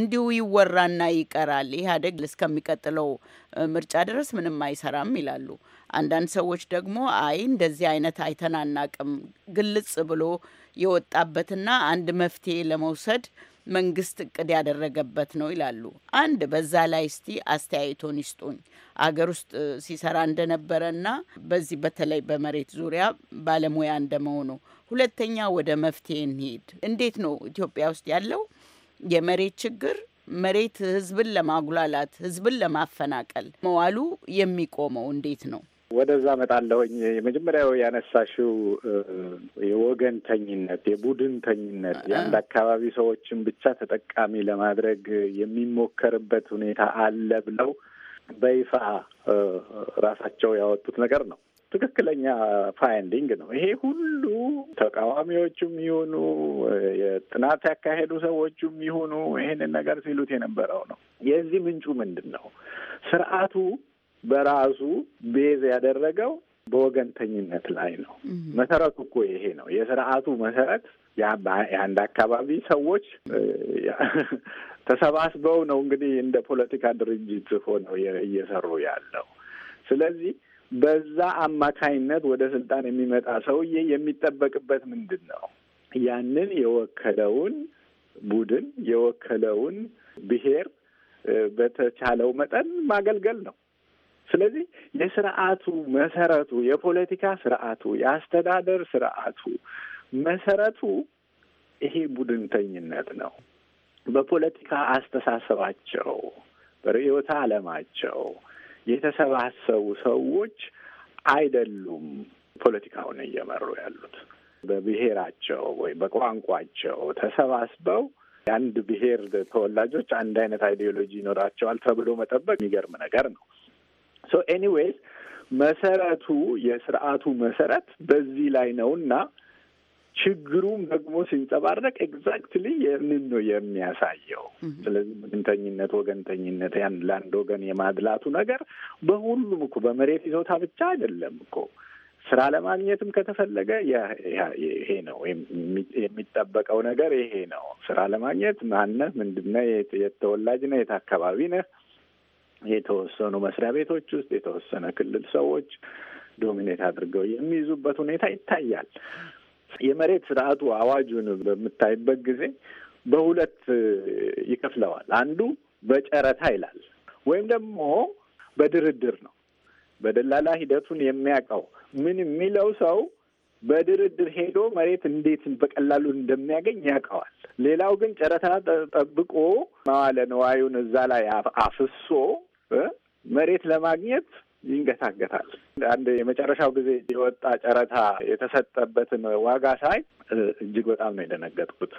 Speaker 5: እንዲሁ ይወራና ይቀራል፣ ኢህአዴግ እስከሚቀጥለው ምርጫ ድረስ ምንም አይሰራም ይላሉ። አንዳንድ ሰዎች ደግሞ አይ እንደዚህ አይነት አይተናናቅም ግልጽ ብሎ የወጣበትና አንድ መፍትሄ ለመውሰድ መንግስት እቅድ ያደረገበት ነው ይላሉ። አንድ በዛ ላይ እስቲ አስተያየቶን ይስጡኝ። አገር ውስጥ ሲሰራ እንደነበረና በዚህ በተለይ በመሬት ዙሪያ ባለሙያ እንደመሆኑ፣ ሁለተኛ ወደ መፍትሄ እንሄድ እንዴት ነው ኢትዮጵያ ውስጥ ያለው የመሬት ችግር መሬት ህዝብን ለማጉላላት ህዝብን ለማፈናቀል መዋሉ የሚቆመው እንዴት ነው?
Speaker 6: ወደዛ መጣለሁኝ። የመጀመሪያው ያነሳሽው የወገንተኝነት፣ የቡድንተኝነት የአንድ አካባቢ ሰዎችን ብቻ ተጠቃሚ ለማድረግ የሚሞከርበት ሁኔታ አለ ብለው በይፋ ራሳቸው ያወጡት ነገር ነው። ትክክለኛ ፋይንዲንግ ነው። ይሄ ሁሉ ተቃዋሚዎቹም ይሁኑ የጥናት ያካሄዱ ሰዎቹም ይሁኑ ይሄንን ነገር ሲሉት የነበረው ነው። የዚህ ምንጩ ምንድን ነው? ስርዓቱ በራሱ ቤዝ ያደረገው በወገንተኝነት ላይ ነው። መሰረቱ እኮ ይሄ ነው። የስርዓቱ መሰረት የአንድ አካባቢ ሰዎች [LAUGHS] ተሰባስበው ነው እንግዲህ እንደ ፖለቲካ ድርጅት ሆነው እየሰሩ ያለው። ስለዚህ በዛ አማካይነት ወደ ስልጣን የሚመጣ ሰውዬ የሚጠበቅበት ምንድን ነው? ያንን የወከለውን ቡድን የወከለውን ብሔር በተቻለው መጠን ማገልገል ነው። ስለዚህ የስርዓቱ መሰረቱ የፖለቲካ ስርዓቱ፣ የአስተዳደር ስርዓቱ መሰረቱ ይሄ ቡድንተኝነት ነው። በፖለቲካ አስተሳሰባቸው፣ በርዕዮተ ዓለማቸው የተሰባሰቡ ሰዎች አይደሉም ፖለቲካውን እየመሩ ያሉት። በብሔራቸው ወይ በቋንቋቸው ተሰባስበው የአንድ ብሔር ተወላጆች አንድ አይነት አይዲዮሎጂ ይኖራቸዋል ተብሎ መጠበቅ የሚገርም ነገር ነው። ሶ ኤኒዌይስ መሰረቱ የስርዓቱ መሰረት በዚህ ላይ ነውና ችግሩም ደግሞ ሲንጸባረቅ ኤግዛክትሊ ይህንን ነው የሚያሳየው። hm ስለዚህ ወገንተኝነት ወገንተኝነት ያን ለአንድ ወገን የማድላቱ ነገር በሁሉም እኮ በመሬት ይዞታ ብቻ አይደለም እኮ ስራ ለማግኘትም ከተፈለገ ይሄ ነው የሚጠበቀው ነገር ይሄ ነው። ስራ ለማግኘት ማነህ፣ ምንድነህ፣ የት ነህ፣ የት አካባቢ ነህ የተወሰኑ መስሪያ ቤቶች ውስጥ የተወሰነ ክልል ሰዎች ዶሚኔት አድርገው የሚይዙበት ሁኔታ ይታያል። የመሬት ስርዓቱ አዋጁን በምታይበት ጊዜ በሁለት ይከፍለዋል። አንዱ በጨረታ ይላል ወይም ደግሞ በድርድር ነው። በደላላ ሂደቱን የሚያውቀው ምን የሚለው ሰው በድርድር ሄዶ መሬት እንዴት በቀላሉ እንደሚያገኝ ያውቀዋል። ሌላው ግን ጨረታ ጠብቆ መዋለ ነዋዩን እዛ ላይ አፍሶ መሬት ለማግኘት ይንገታገታል። አንድ የመጨረሻው ጊዜ የወጣ ጨረታ የተሰጠበትን ዋጋ ሳይ እጅግ በጣም ነው የደነገጥኩት።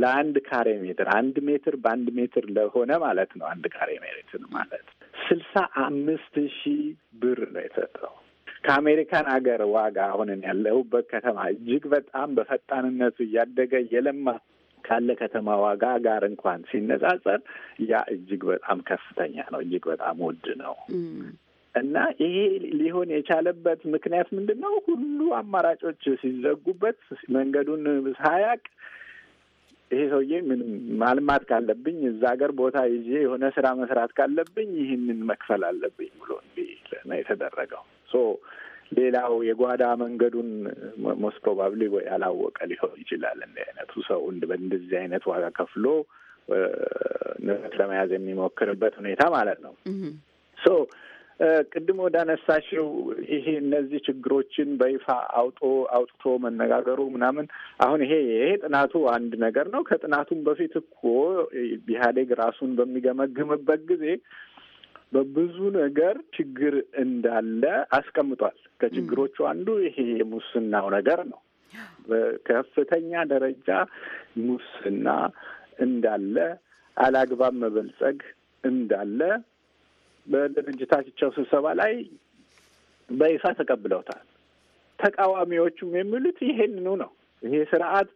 Speaker 6: ለአንድ ካሬ ሜትር አንድ ሜትር በአንድ ሜትር ለሆነ ማለት ነው አንድ ካሬ ሜትር ማለት ስልሳ አምስት ሺህ ብር ነው የተሰጠው። ከአሜሪካን አገር ዋጋ አሁንን ያለሁበት ከተማ እጅግ በጣም በፈጣንነቱ እያደገ የለማ ካለ ከተማ ዋጋ ጋር እንኳን ሲነጻጸር ያ እጅግ በጣም ከፍተኛ ነው፣ እጅግ በጣም ውድ ነው። እና ይሄ ሊሆን የቻለበት ምክንያት ምንድን ነው? ሁሉ አማራጮች ሲዘጉበት መንገዱን ሳያቅ ይሄ ሰውዬ ምን ማልማት ካለብኝ እዛ ሀገር ቦታ ይዤ የሆነ ስራ መስራት ካለብኝ ይህንን መክፈል አለብኝ ብሎ እንዲህ ነው የተደረገው። ሶ ሌላው የጓዳ መንገዱን ሞስት ፕሮባብሊ ወይ ያላወቀ ሊሆን ይችላል። እንደ አይነቱ ሰው በእንደዚህ አይነት ዋጋ ከፍሎ ንብረት ለመያዝ የሚሞክርበት ሁኔታ ማለት ነው። ሶ ቅድም ወዳነሳሽው ይሄ እነዚህ ችግሮችን በይፋ አውጦ አውጥቶ መነጋገሩ ምናምን አሁን ይሄ ይሄ ጥናቱ አንድ ነገር ነው። ከጥናቱም በፊት እኮ ኢህአዴግ ራሱን በሚገመግምበት ጊዜ በብዙ ነገር ችግር እንዳለ አስቀምጧል። ከችግሮቹ አንዱ ይሄ የሙስናው ነገር ነው። በከፍተኛ ደረጃ ሙስና እንዳለ፣ አላግባብ መበልጸግ እንዳለ በድርጅታቸው ስብሰባ ላይ በይፋ ተቀብለውታል። ተቃዋሚዎቹም የሚሉት ይሄንኑ ነው። ይሄ ስርዓት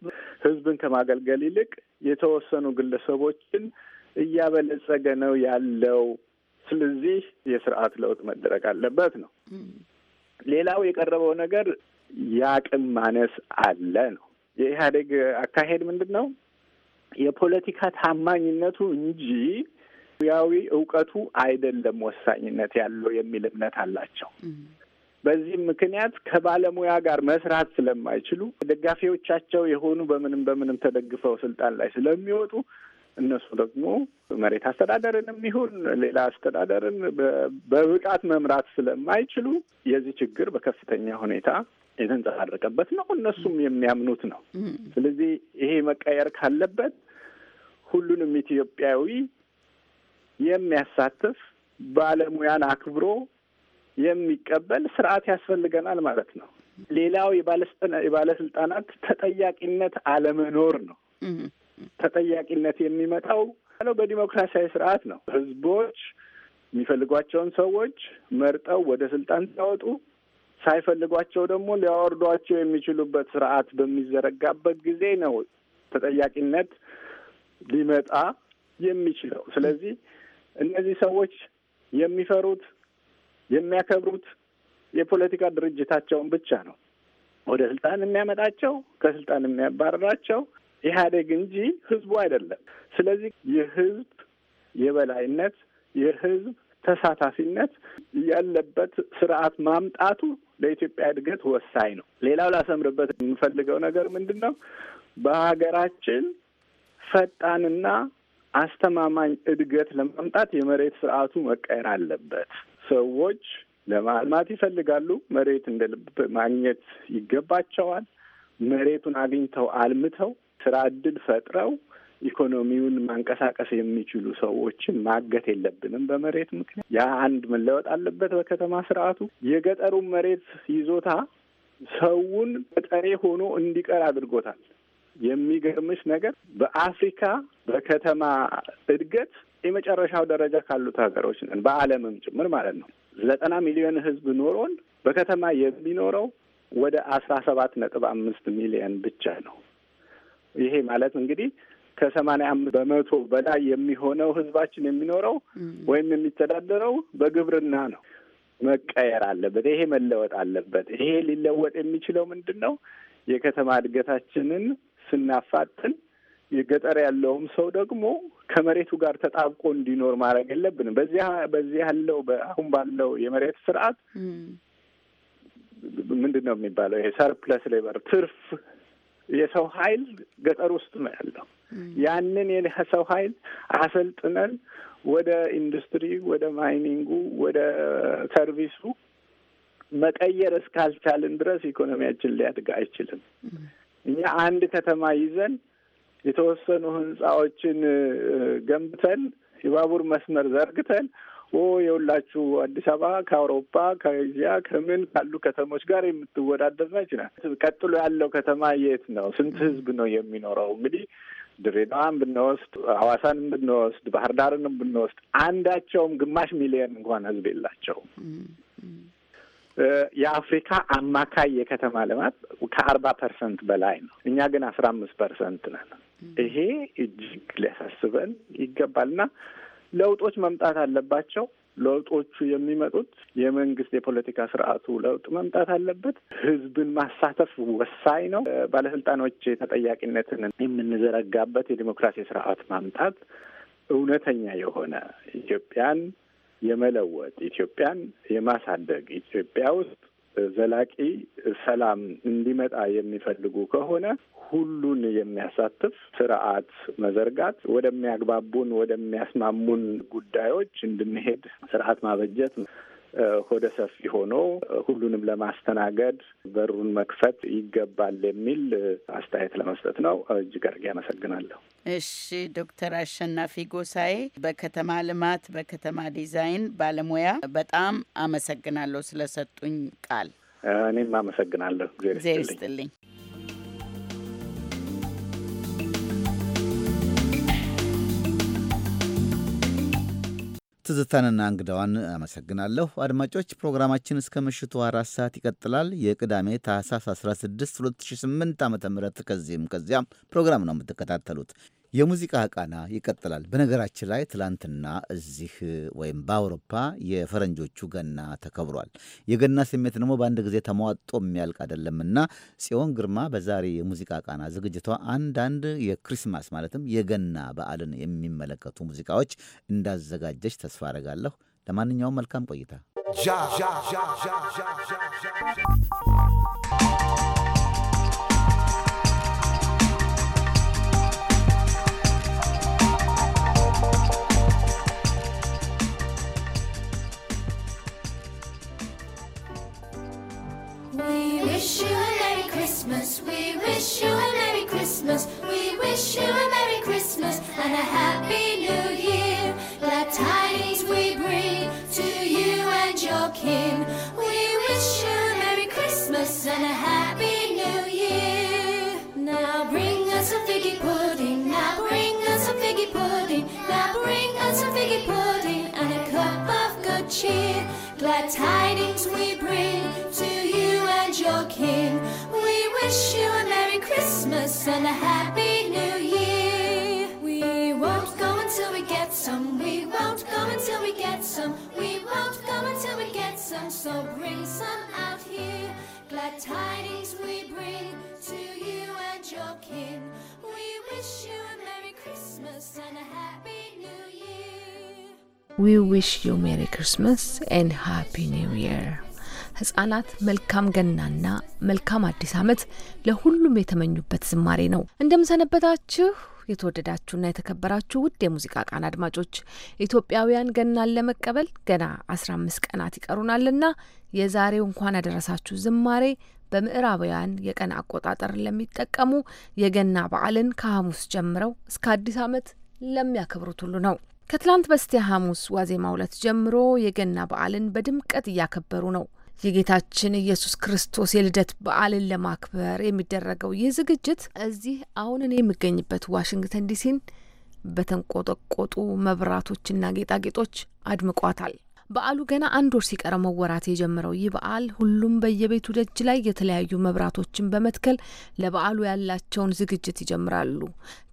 Speaker 6: ህዝብን ከማገልገል ይልቅ የተወሰኑ ግለሰቦችን እያበለጸገ ነው ያለው ስለዚህ የስርዓት ለውጥ መደረግ አለበት ነው። ሌላው የቀረበው ነገር የአቅም ማነስ አለ ነው። የኢህአዴግ አካሄድ ምንድን ነው? የፖለቲካ ታማኝነቱ እንጂ ሙያዊ እውቀቱ አይደለም ወሳኝነት ያለው የሚል እምነት አላቸው። በዚህም ምክንያት ከባለሙያ ጋር መስራት ስለማይችሉ ደጋፊዎቻቸው የሆኑ በምንም በምንም ተደግፈው ስልጣን ላይ ስለሚወጡ እነሱ ደግሞ መሬት አስተዳደርንም ይሁን ሌላ አስተዳደርን በብቃት መምራት ስለማይችሉ የዚህ ችግር በከፍተኛ ሁኔታ የተንጸባረቀበት ነው። እነሱም የሚያምኑት ነው። ስለዚህ ይሄ መቀየር ካለበት ሁሉንም ኢትዮጵያዊ የሚያሳትፍ ባለሙያን አክብሮ የሚቀበል ስርዓት ያስፈልገናል ማለት ነው። ሌላው የባለስልጣናት ተጠያቂነት አለመኖር ነው። ተጠያቂነት የሚመጣው ያለው በዲሞክራሲያዊ ስርዓት ነው። ህዝቦች የሚፈልጓቸውን ሰዎች መርጠው ወደ ስልጣን ሲያወጡ ሳይፈልጓቸው ደግሞ ሊያወርዷቸው የሚችሉበት ስርዓት በሚዘረጋበት ጊዜ ነው ተጠያቂነት ሊመጣ የሚችለው። ስለዚህ እነዚህ ሰዎች የሚፈሩት የሚያከብሩት የፖለቲካ ድርጅታቸውን ብቻ ነው። ወደ ስልጣን የሚያመጣቸው ከስልጣን የሚያባረራቸው። ኢህአዴግ እንጂ ህዝቡ አይደለም። ስለዚህ የህዝብ የበላይነት የህዝብ ተሳታፊነት ያለበት ስርዓት ማምጣቱ ለኢትዮጵያ እድገት ወሳኝ ነው። ሌላው ላሰምርበት የምፈልገው ነገር ምንድን ነው? በሀገራችን ፈጣንና አስተማማኝ እድገት ለማምጣት የመሬት ስርዓቱ መቀየር አለበት። ሰዎች ለማልማት ይፈልጋሉ። መሬት እንደ ልብ ማግኘት ይገባቸዋል። መሬቱን አግኝተው አልምተው ስራ እድል ፈጥረው ኢኮኖሚውን ማንቀሳቀስ የሚችሉ ሰዎችን ማገት የለብንም። በመሬት ምክንያት ያ አንድ መለወጥ አለበት። በከተማ ስርዓቱ የገጠሩን መሬት ይዞታ ሰውን ገጠሬ ሆኖ እንዲቀር አድርጎታል። የሚገርምሽ ነገር በአፍሪካ በከተማ እድገት የመጨረሻው ደረጃ ካሉት ሀገሮች ነን፣ በዓለምም ጭምር ማለት ነው። ዘጠና ሚሊዮን ህዝብ ኖሮን በከተማ የሚኖረው ወደ አስራ ሰባት ነጥብ አምስት ሚሊዮን ብቻ ነው። ይሄ ማለት እንግዲህ ከሰማንያ አምስት በመቶ በላይ የሚሆነው ህዝባችን የሚኖረው ወይም የሚተዳደረው በግብርና ነው። መቀየር አለበት። ይሄ መለወጥ አለበት። ይሄ ሊለወጥ የሚችለው ምንድን ነው? የከተማ እድገታችንን ስናፋጥን የገጠር ያለውም ሰው ደግሞ ከመሬቱ ጋር ተጣብቆ እንዲኖር ማድረግ የለብንም። በዚያ በዚህ ያለው አሁን ባለው የመሬት ስርዓት ምንድን ነው የሚባለው? ይሄ ሰርፕለስ ሌበር ትርፍ የሰው ኃይል ገጠር ውስጥ ነው ያለው። ያንን የሰው ኃይል አሰልጥነን ወደ ኢንዱስትሪ፣ ወደ ማይኒንጉ፣ ወደ ሰርቪሱ መቀየር እስካልቻልን ድረስ ኢኮኖሚያችን ሊያድግ አይችልም። እኛ አንድ ከተማ ይዘን የተወሰኑ ህንፃዎችን ገንብተን የባቡር መስመር ዘርግተን የሁላችሁ አዲስ አበባ ከአውሮፓ ከዚያ ከምን ካሉ ከተሞች ጋር የምትወዳደር ነች ናት። ቀጥሎ ያለው ከተማ የት ነው? ስንት ህዝብ ነው የሚኖረው? እንግዲህ ድሬዳዋን ብንወስድ፣ ሐዋሳን ብንወስድ፣ ባህር ዳርን ብንወስድ አንዳቸውም ግማሽ ሚሊዮን እንኳን ህዝብ የላቸውም። የአፍሪካ አማካይ የከተማ ልማት ከአርባ ፐርሰንት በላይ ነው። እኛ ግን አስራ አምስት ፐርሰንት ነን። ይሄ እጅግ ሊያሳስበን ይገባልና ለውጦች መምጣት አለባቸው። ለውጦቹ የሚመጡት የመንግስት የፖለቲካ ስርዓቱ ለውጥ መምጣት አለበት። ህዝብን ማሳተፍ ወሳኝ ነው። ባለስልጣኖች ተጠያቂነትን የምንዘረጋበት የዲሞክራሲ ስርዓት ማምጣት እውነተኛ የሆነ ኢትዮጵያን የመለወጥ ኢትዮጵያን የማሳደግ ኢትዮጵያ ውስጥ ዘላቂ ሰላም እንዲመጣ የሚፈልጉ ከሆነ ሁሉን የሚያሳትፍ ስርዓት መዘርጋት ወደሚያግባቡን ወደሚያስማሙን ጉዳዮች እንድንሄድ ስርዓት ማበጀት ሆደ ሰፊ ሆኖ ሁሉንም ለማስተናገድ በሩን መክፈት ይገባል የሚል አስተያየት ለመስጠት ነው። እጅግ አድርጌ አመሰግናለሁ።
Speaker 5: እሺ ዶክተር አሸናፊ ጎሳኤ በከተማ ልማት በከተማ ዲዛይን ባለሙያ በጣም አመሰግናለሁ ስለሰጡኝ ቃል። እኔም አመሰግናለሁ። እግዜር ይስጥልኝ።
Speaker 2: ትዝታንና እንግዳዋን አመሰግናለሁ። አድማጮች ፕሮግራማችን እስከ ምሽቱ አራት ሰዓት ይቀጥላል። የቅዳሜ ታህሳስ 16 2008 ዓ ም ከዚህም ከዚያም ፕሮግራም ነው የምትከታተሉት። የሙዚቃ ቃና ይቀጥላል። በነገራችን ላይ ትላንትና እዚህ ወይም በአውሮፓ የፈረንጆቹ ገና ተከብሯል። የገና ስሜት ደግሞ በአንድ ጊዜ ተሟጦ የሚያልቅ አይደለምና ጽዮን ግርማ በዛሬ የሙዚቃ ቃና ዝግጅቷ አንዳንድ የክሪስማስ ማለትም የገና በዓልን የሚመለከቱ ሙዚቃዎች እንዳዘጋጀች ተስፋ አረጋለሁ። ለማንኛውም መልካም ቆይታ።
Speaker 1: We wish you a Merry Christmas. We wish you a Merry Christmas. We wish you a Merry Christmas and a Happy New Year. Glad tidings we bring to you and your kin. We wish you a Merry Christmas and a Happy New Year. Now bring us a figgy pudding. Now bring us a figgy pudding. Now bring us a figgy pudding and a cup of good cheer. Glad tidings we bring your King. We wish you a Merry Christmas and a Happy New Year. We won't go until we get some. We won't go until we get some. We won't go until we get some. So bring some out here. Glad tidings we bring to you and your king. We wish you a Merry Christmas and a Happy New
Speaker 7: Year. We wish you Merry Christmas and Happy New Year. ህጻናት መልካም ገናና መልካም አዲስ ዓመት ለሁሉም የተመኙበት ዝማሬ ነው። እንደምሰነበታችሁ የተወደዳችሁና የተከበራችሁ ውድ የሙዚቃ ቃና አድማጮች ኢትዮጵያውያን ገናን ለመቀበል ገና 15 ቀናት ይቀሩናልና የዛሬው እንኳን ያደረሳችሁ ዝማሬ በምዕራባውያን የቀን አቆጣጠር ለሚጠቀሙ የገና በዓልን ከሐሙስ ጀምረው እስከ አዲስ ዓመት ለሚያከብሩት ሁሉ ነው። ከትላንት በስቲያ ሐሙስ ዋዜማ ሁለት ጀምሮ የገና በዓልን በድምቀት እያከበሩ ነው። የጌታችን ኢየሱስ ክርስቶስ የልደት በዓልን ለማክበር የሚደረገው ይህ ዝግጅት እዚህ አሁን እኔ የሚገኝበት ዋሽንግተን ዲሲን በተንቆጠቆጡ መብራቶችና ጌጣጌጦች አድምቋታል። በዓሉ ገና አንድ ወር ሲቀረ መወራት የጀመረው ይህ በዓል ሁሉም በየቤቱ ደጅ ላይ የተለያዩ መብራቶችን በመትከል ለበዓሉ ያላቸውን ዝግጅት ይጀምራሉ።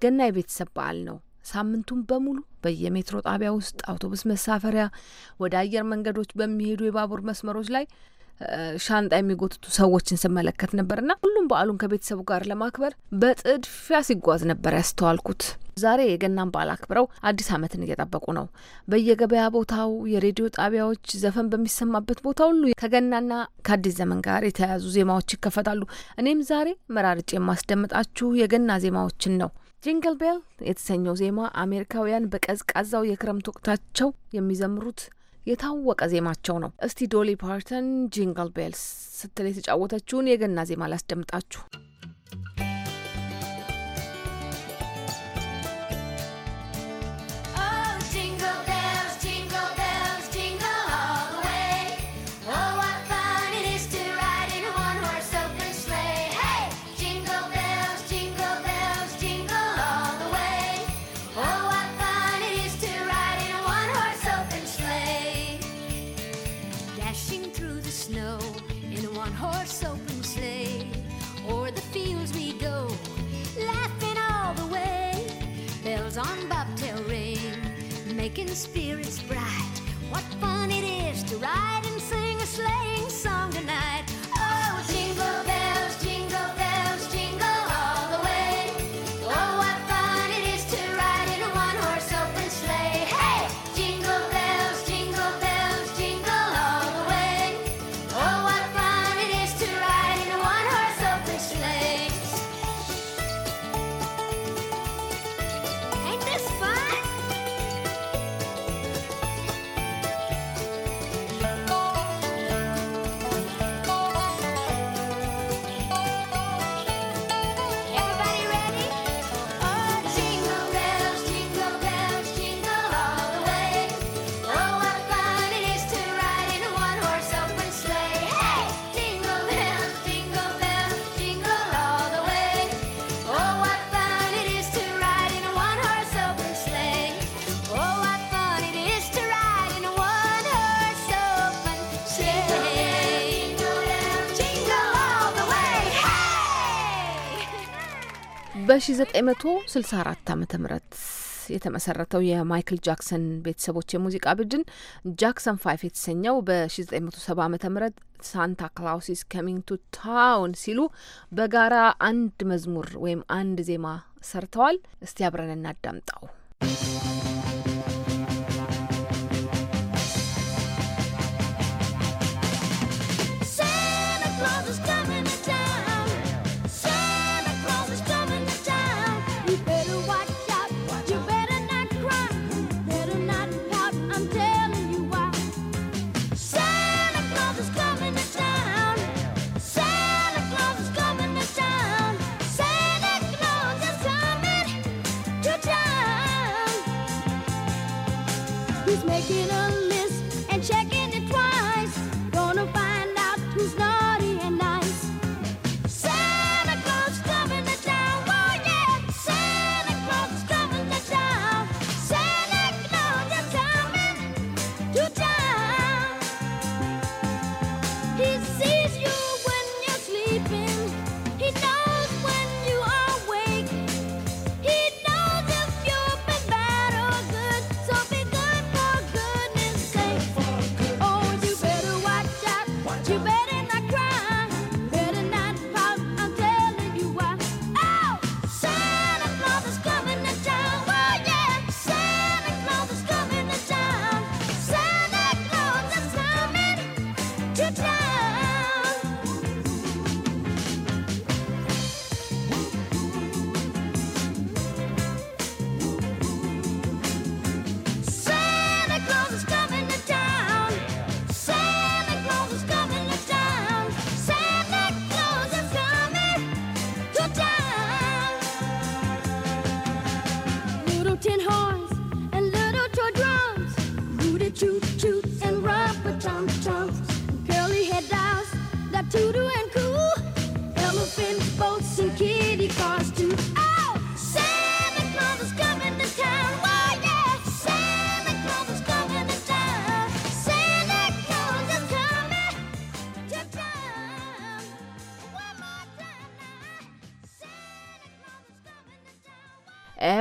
Speaker 7: ገና የቤተሰብ በዓል ነው። ሳምንቱን በሙሉ በየሜትሮ ጣቢያ ውስጥ፣ አውቶቡስ መሳፈሪያ፣ ወደ አየር መንገዶች በሚሄዱ የባቡር መስመሮች ላይ ሻንጣ የሚጎትቱ ሰዎችን ስመለከት ነበርና ሁሉም በዓሉን ከቤተሰቡ ጋር ለማክበር በጥድፊያ ሲጓዝ ነበር ያስተዋልኩት። ዛሬ የገናን በዓል አክብረው አዲስ ዓመትን እየጠበቁ ነው። በየገበያ ቦታው፣ የሬዲዮ ጣቢያዎች፣ ዘፈን በሚሰማበት ቦታ ሁሉ ከገናና ከአዲስ ዘመን ጋር የተያያዙ ዜማዎች ይከፈታሉ። እኔም ዛሬ መራርጭ የማስደምጣችሁ የገና ዜማዎችን ነው። ጂንግል ቤል የተሰኘው ዜማ አሜሪካውያን በቀዝቃዛው የክረምት ወቅታቸው የሚዘምሩት የታወቀ ዜማቸው ነው። እስቲ ዶሊ ፓርተን ጂንግል ቤልስ ስትል የተጫወተችውን የገና ዜማ ላስደምጣችሁ። በ1964 ዓ ም የተመሰረተው የማይክል ጃክሰን ቤተሰቦች የሙዚቃ ቡድን ጃክሰን ፋይፍ የተሰኘው በ1970 ዓ ም ሳንታ ክላውሲስ ከሚንግ ቱ ታውን ሲሉ በጋራ አንድ መዝሙር ወይም አንድ ዜማ ሰርተዋል። እስቲ አብረን እናዳምጣው።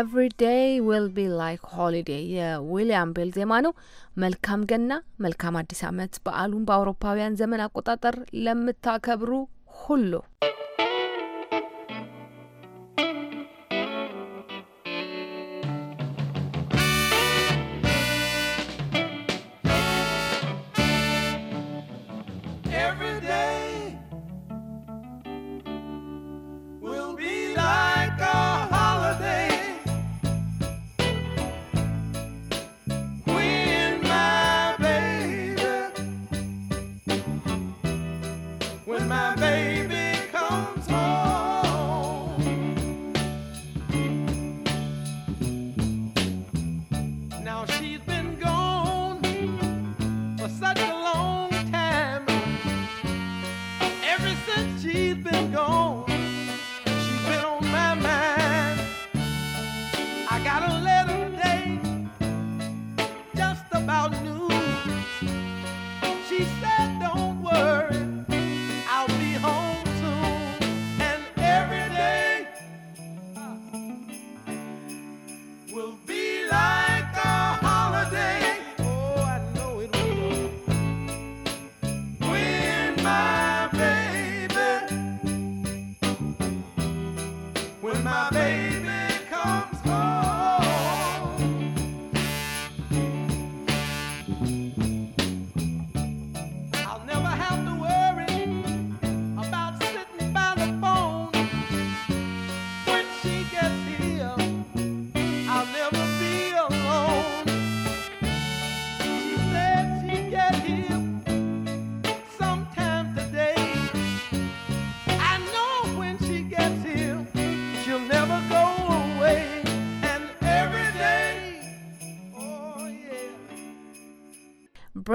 Speaker 7: ኤቭሪ ዴይ ዊል ቢ ላይክ ሆሊዴይ የዊሊያም ቤል ዜማ ነው። መልካም ገና፣ መልካም አዲስ ዓመት በዓሉን በአውሮፓውያን ዘመን አቆጣጠር ለምታከብሩ ሁሉ my back.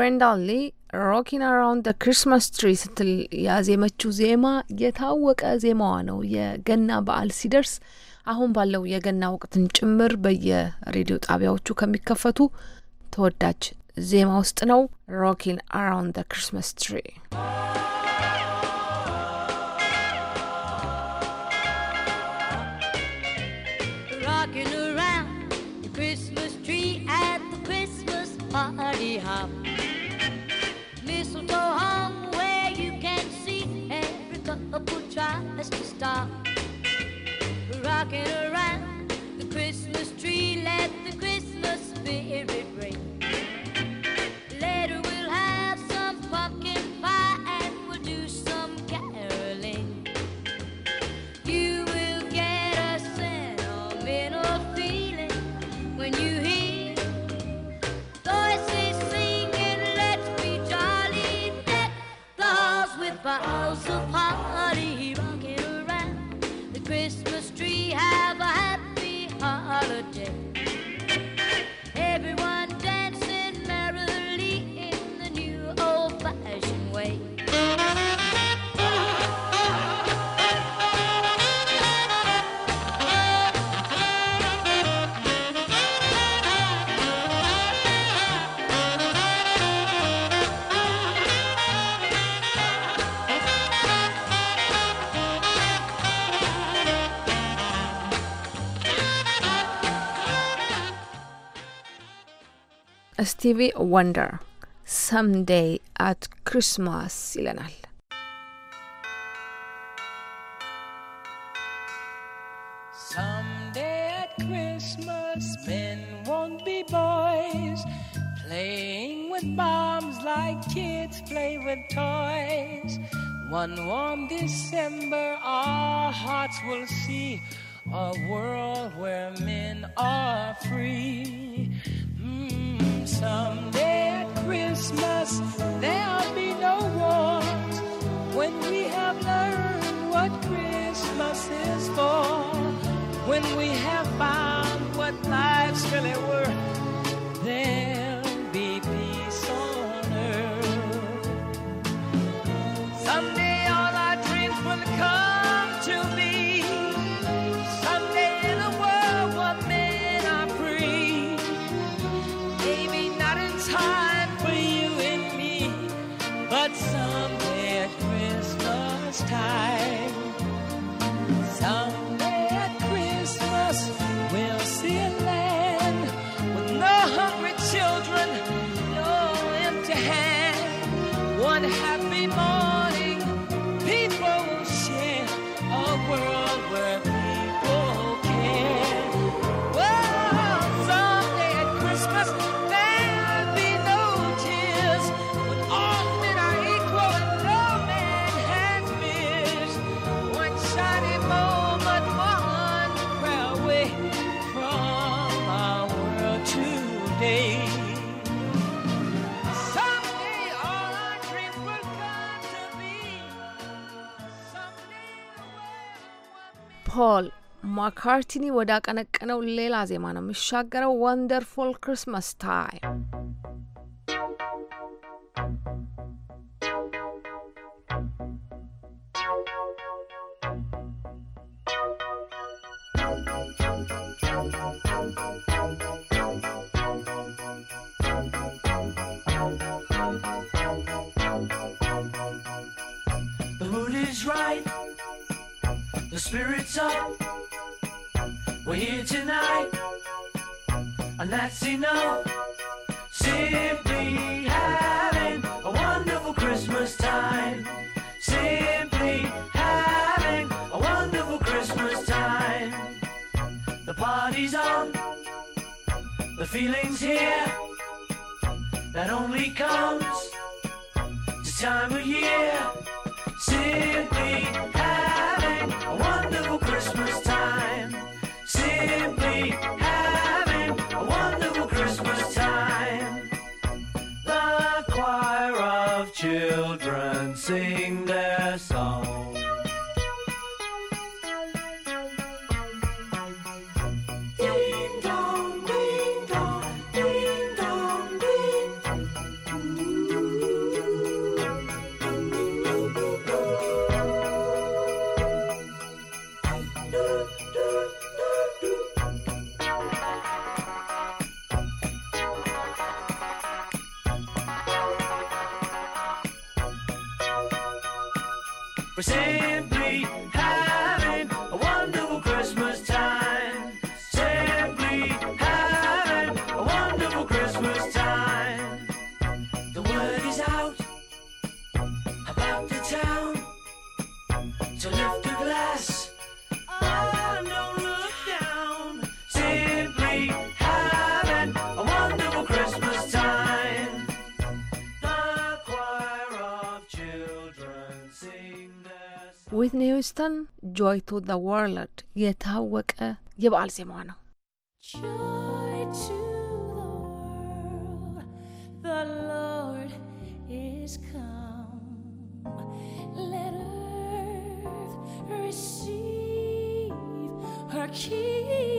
Speaker 7: ብሬንዳ ሊ ሮኪን አራውንድ ክሪስማስ ትሪ ስትል ያዜመችው ዜማ የታወቀ ዜማዋ ነው። የገና በዓል ሲደርስ አሁን ባለው የገና ወቅትን ጭምር በየሬዲዮ ጣቢያዎቹ ከሚከፈቱ ተወዳጅ ዜማ ውስጥ ነው። ሮኪን አራውንድ ክሪስማስ ትሪ
Speaker 1: party hop. tries to stop rocking around the Christmas tree. Let
Speaker 7: Stevie Wonder Someday at Christmas إلى نهل
Speaker 1: Someday at Christmas men won't be boys Playing with bombs like kids play with toys One warm December our hearts will see a world where men are free. Mm -hmm someday at Christmas there'll be no wars when we have learned what Christmas is for, when we have found what life's really worth.
Speaker 7: ፖል ማካርቲኒ ወዳቀነቀነው ሌላ ዜማ ነው የሚሻገረው። ወንደርፉል ክርስማስ ታይም
Speaker 1: The spirit's up, We're here tonight. And that's enough. Simply having a wonderful Christmas time. Simply having a wonderful Christmas time. The party's on. The feeling's here. That only comes this time of year. Simply having
Speaker 7: ኦስተን ጆይ ቱ ዘ ወርልድ የታወቀ የበዓል ዜማ ነው።
Speaker 1: Receive her key.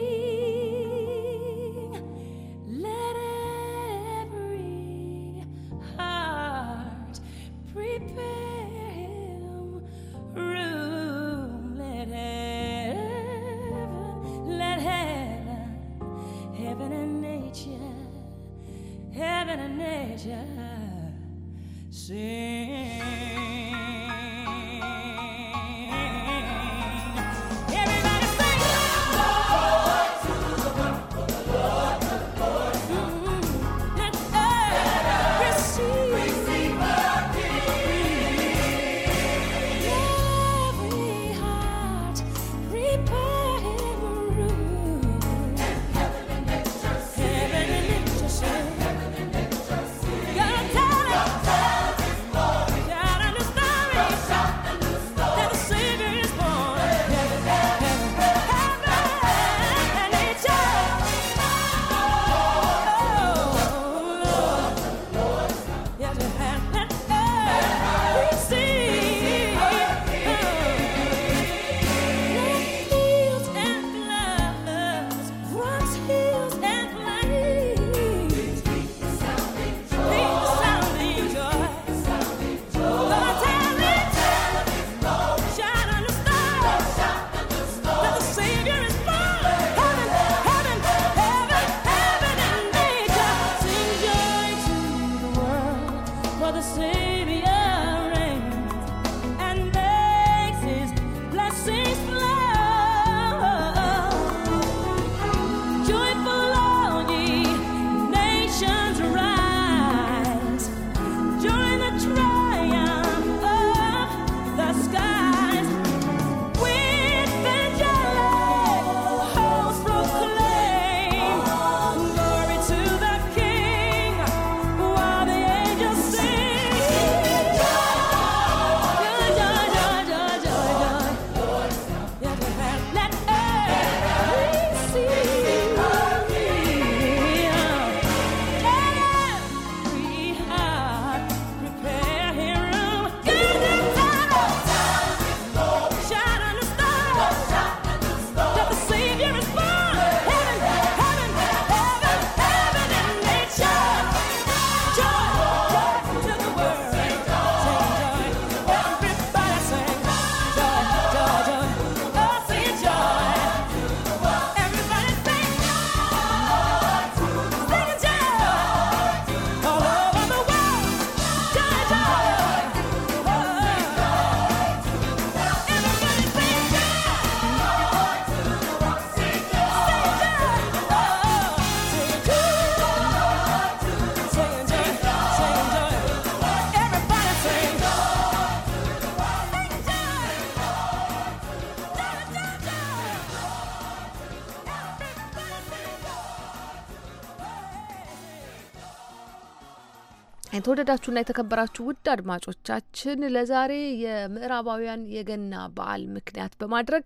Speaker 7: የተወደዳችሁና የተከበራችሁ ውድ አድማጮቻችን ለዛሬ የምዕራባውያን የገና በዓል ምክንያት በማድረግ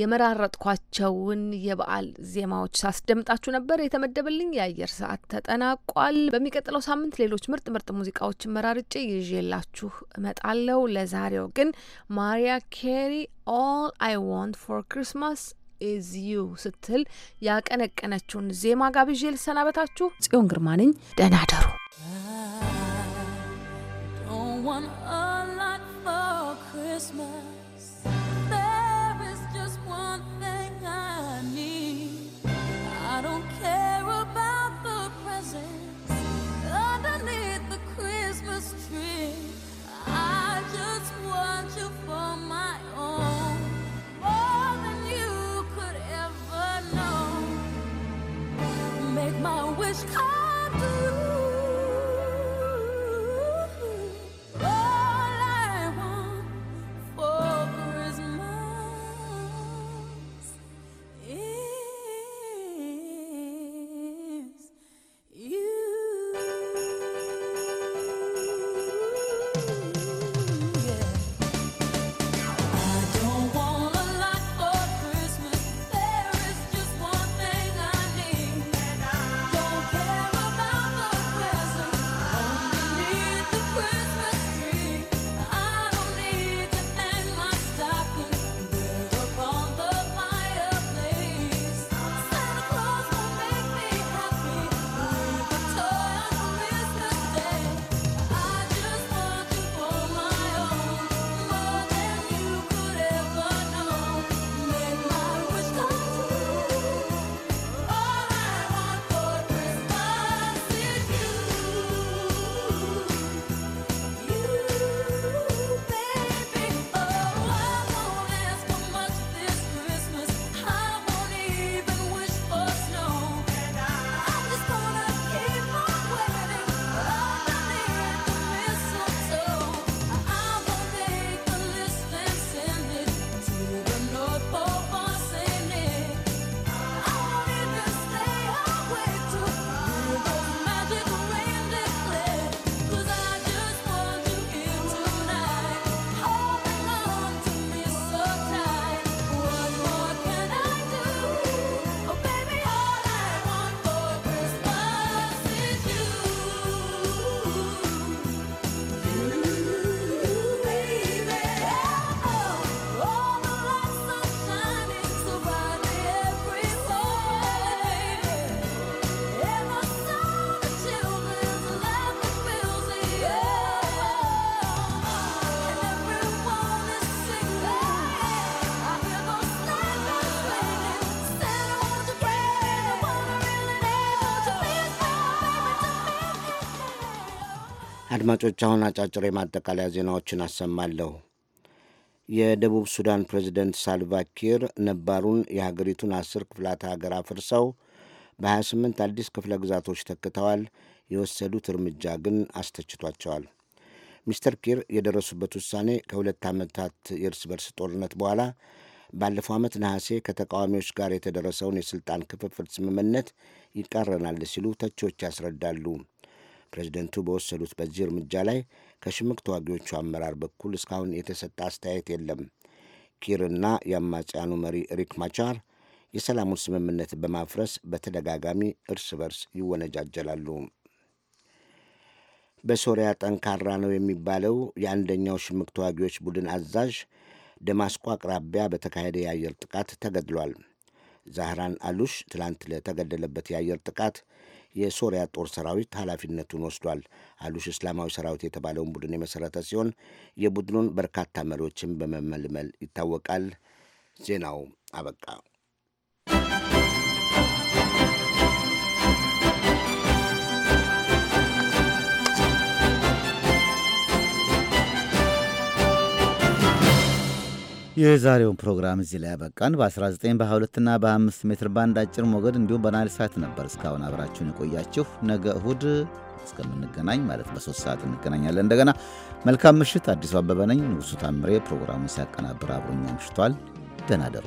Speaker 7: የመራረጥኳቸውን የበዓል ዜማዎች ሳስደምጣችሁ ነበር። የተመደበልኝ የአየር ሰዓት ተጠናቋል። በሚቀጥለው ሳምንት ሌሎች ምርጥ ምርጥ ሙዚቃዎችን መራርጬ ይዤላችሁ እመጣለሁ። ለዛሬው ግን ማሪያ ኬሪ ኦል አይ ዋንት ፎር ክሪስማስ ኢዝ ዩ ስትል ያቀነቀነችውን ዜማ ጋብዤ ልሰናበታችሁ። ጽዮን ግርማ ነኝ። ደህና ደሩ።
Speaker 1: want a lot for Christmas. There is just one thing I need. I don't care about the presents underneath the Christmas tree. I just want you for my own. More than you could ever know. Make my wish come.
Speaker 4: አድማጮች፣ አሁን አጫጭር የማጠቃለያ ዜናዎችን አሰማለሁ። የደቡብ ሱዳን ፕሬዚደንት ሳልቫኪር ነባሩን የሀገሪቱን አስር ክፍላተ ሀገር አፍርሰው በ28 አዲስ ክፍለ ግዛቶች ተክተዋል። የወሰዱት እርምጃ ግን አስተችቷቸዋል። ሚስተር ኪር የደረሱበት ውሳኔ ከሁለት ዓመታት የእርስ በርስ ጦርነት በኋላ ባለፈው ዓመት ነሐሴ ከተቃዋሚዎች ጋር የተደረሰውን የሥልጣን ክፍፍል ስምምነት ይቃረናል ሲሉ ተቺዎች ያስረዳሉ። ፕሬዚደንቱ በወሰዱት በዚህ እርምጃ ላይ ከሽምቅ ተዋጊዎቹ አመራር በኩል እስካሁን የተሰጠ አስተያየት የለም። ኪርና የአማጽያኑ መሪ ሪክ ማቻር የሰላሙን ስምምነት በማፍረስ በተደጋጋሚ እርስ በርስ ይወነጃጀላሉ። በሶሪያ ጠንካራ ነው የሚባለው የአንደኛው ሽምቅ ተዋጊዎች ቡድን አዛዥ ደማስቆ አቅራቢያ በተካሄደ የአየር ጥቃት ተገድሏል። ዛህራን አሉሽ ትላንት ለተገደለበት የአየር ጥቃት የሶሪያ ጦር ሰራዊት ኃላፊነቱን ወስዷል። አሉሽ እስላማዊ ሰራዊት የተባለውን ቡድን የመሠረተ ሲሆን የቡድኑን በርካታ መሪዎችን በመመልመል ይታወቃል። ዜናው አበቃ።
Speaker 2: የዛሬውን ፕሮግራም እዚህ ላይ ያበቃን። በ19 በ22ና በ25 ሜትር ባንድ አጭር ሞገድ እንዲሁም በናይል ሳት ነበር እስካሁን አብራችሁን የቆያችሁ። ነገ እሁድ እስከምንገናኝ ማለት በሶስት ሰዓት እንገናኛለን። እንደገና መልካም ምሽት። አዲሱ አበበ ነኝ። ንጉሱ ታምሬ ፕሮግራሙን ሲያቀናብር አብሮኛ ምሽቷል። ደህና ደሩ።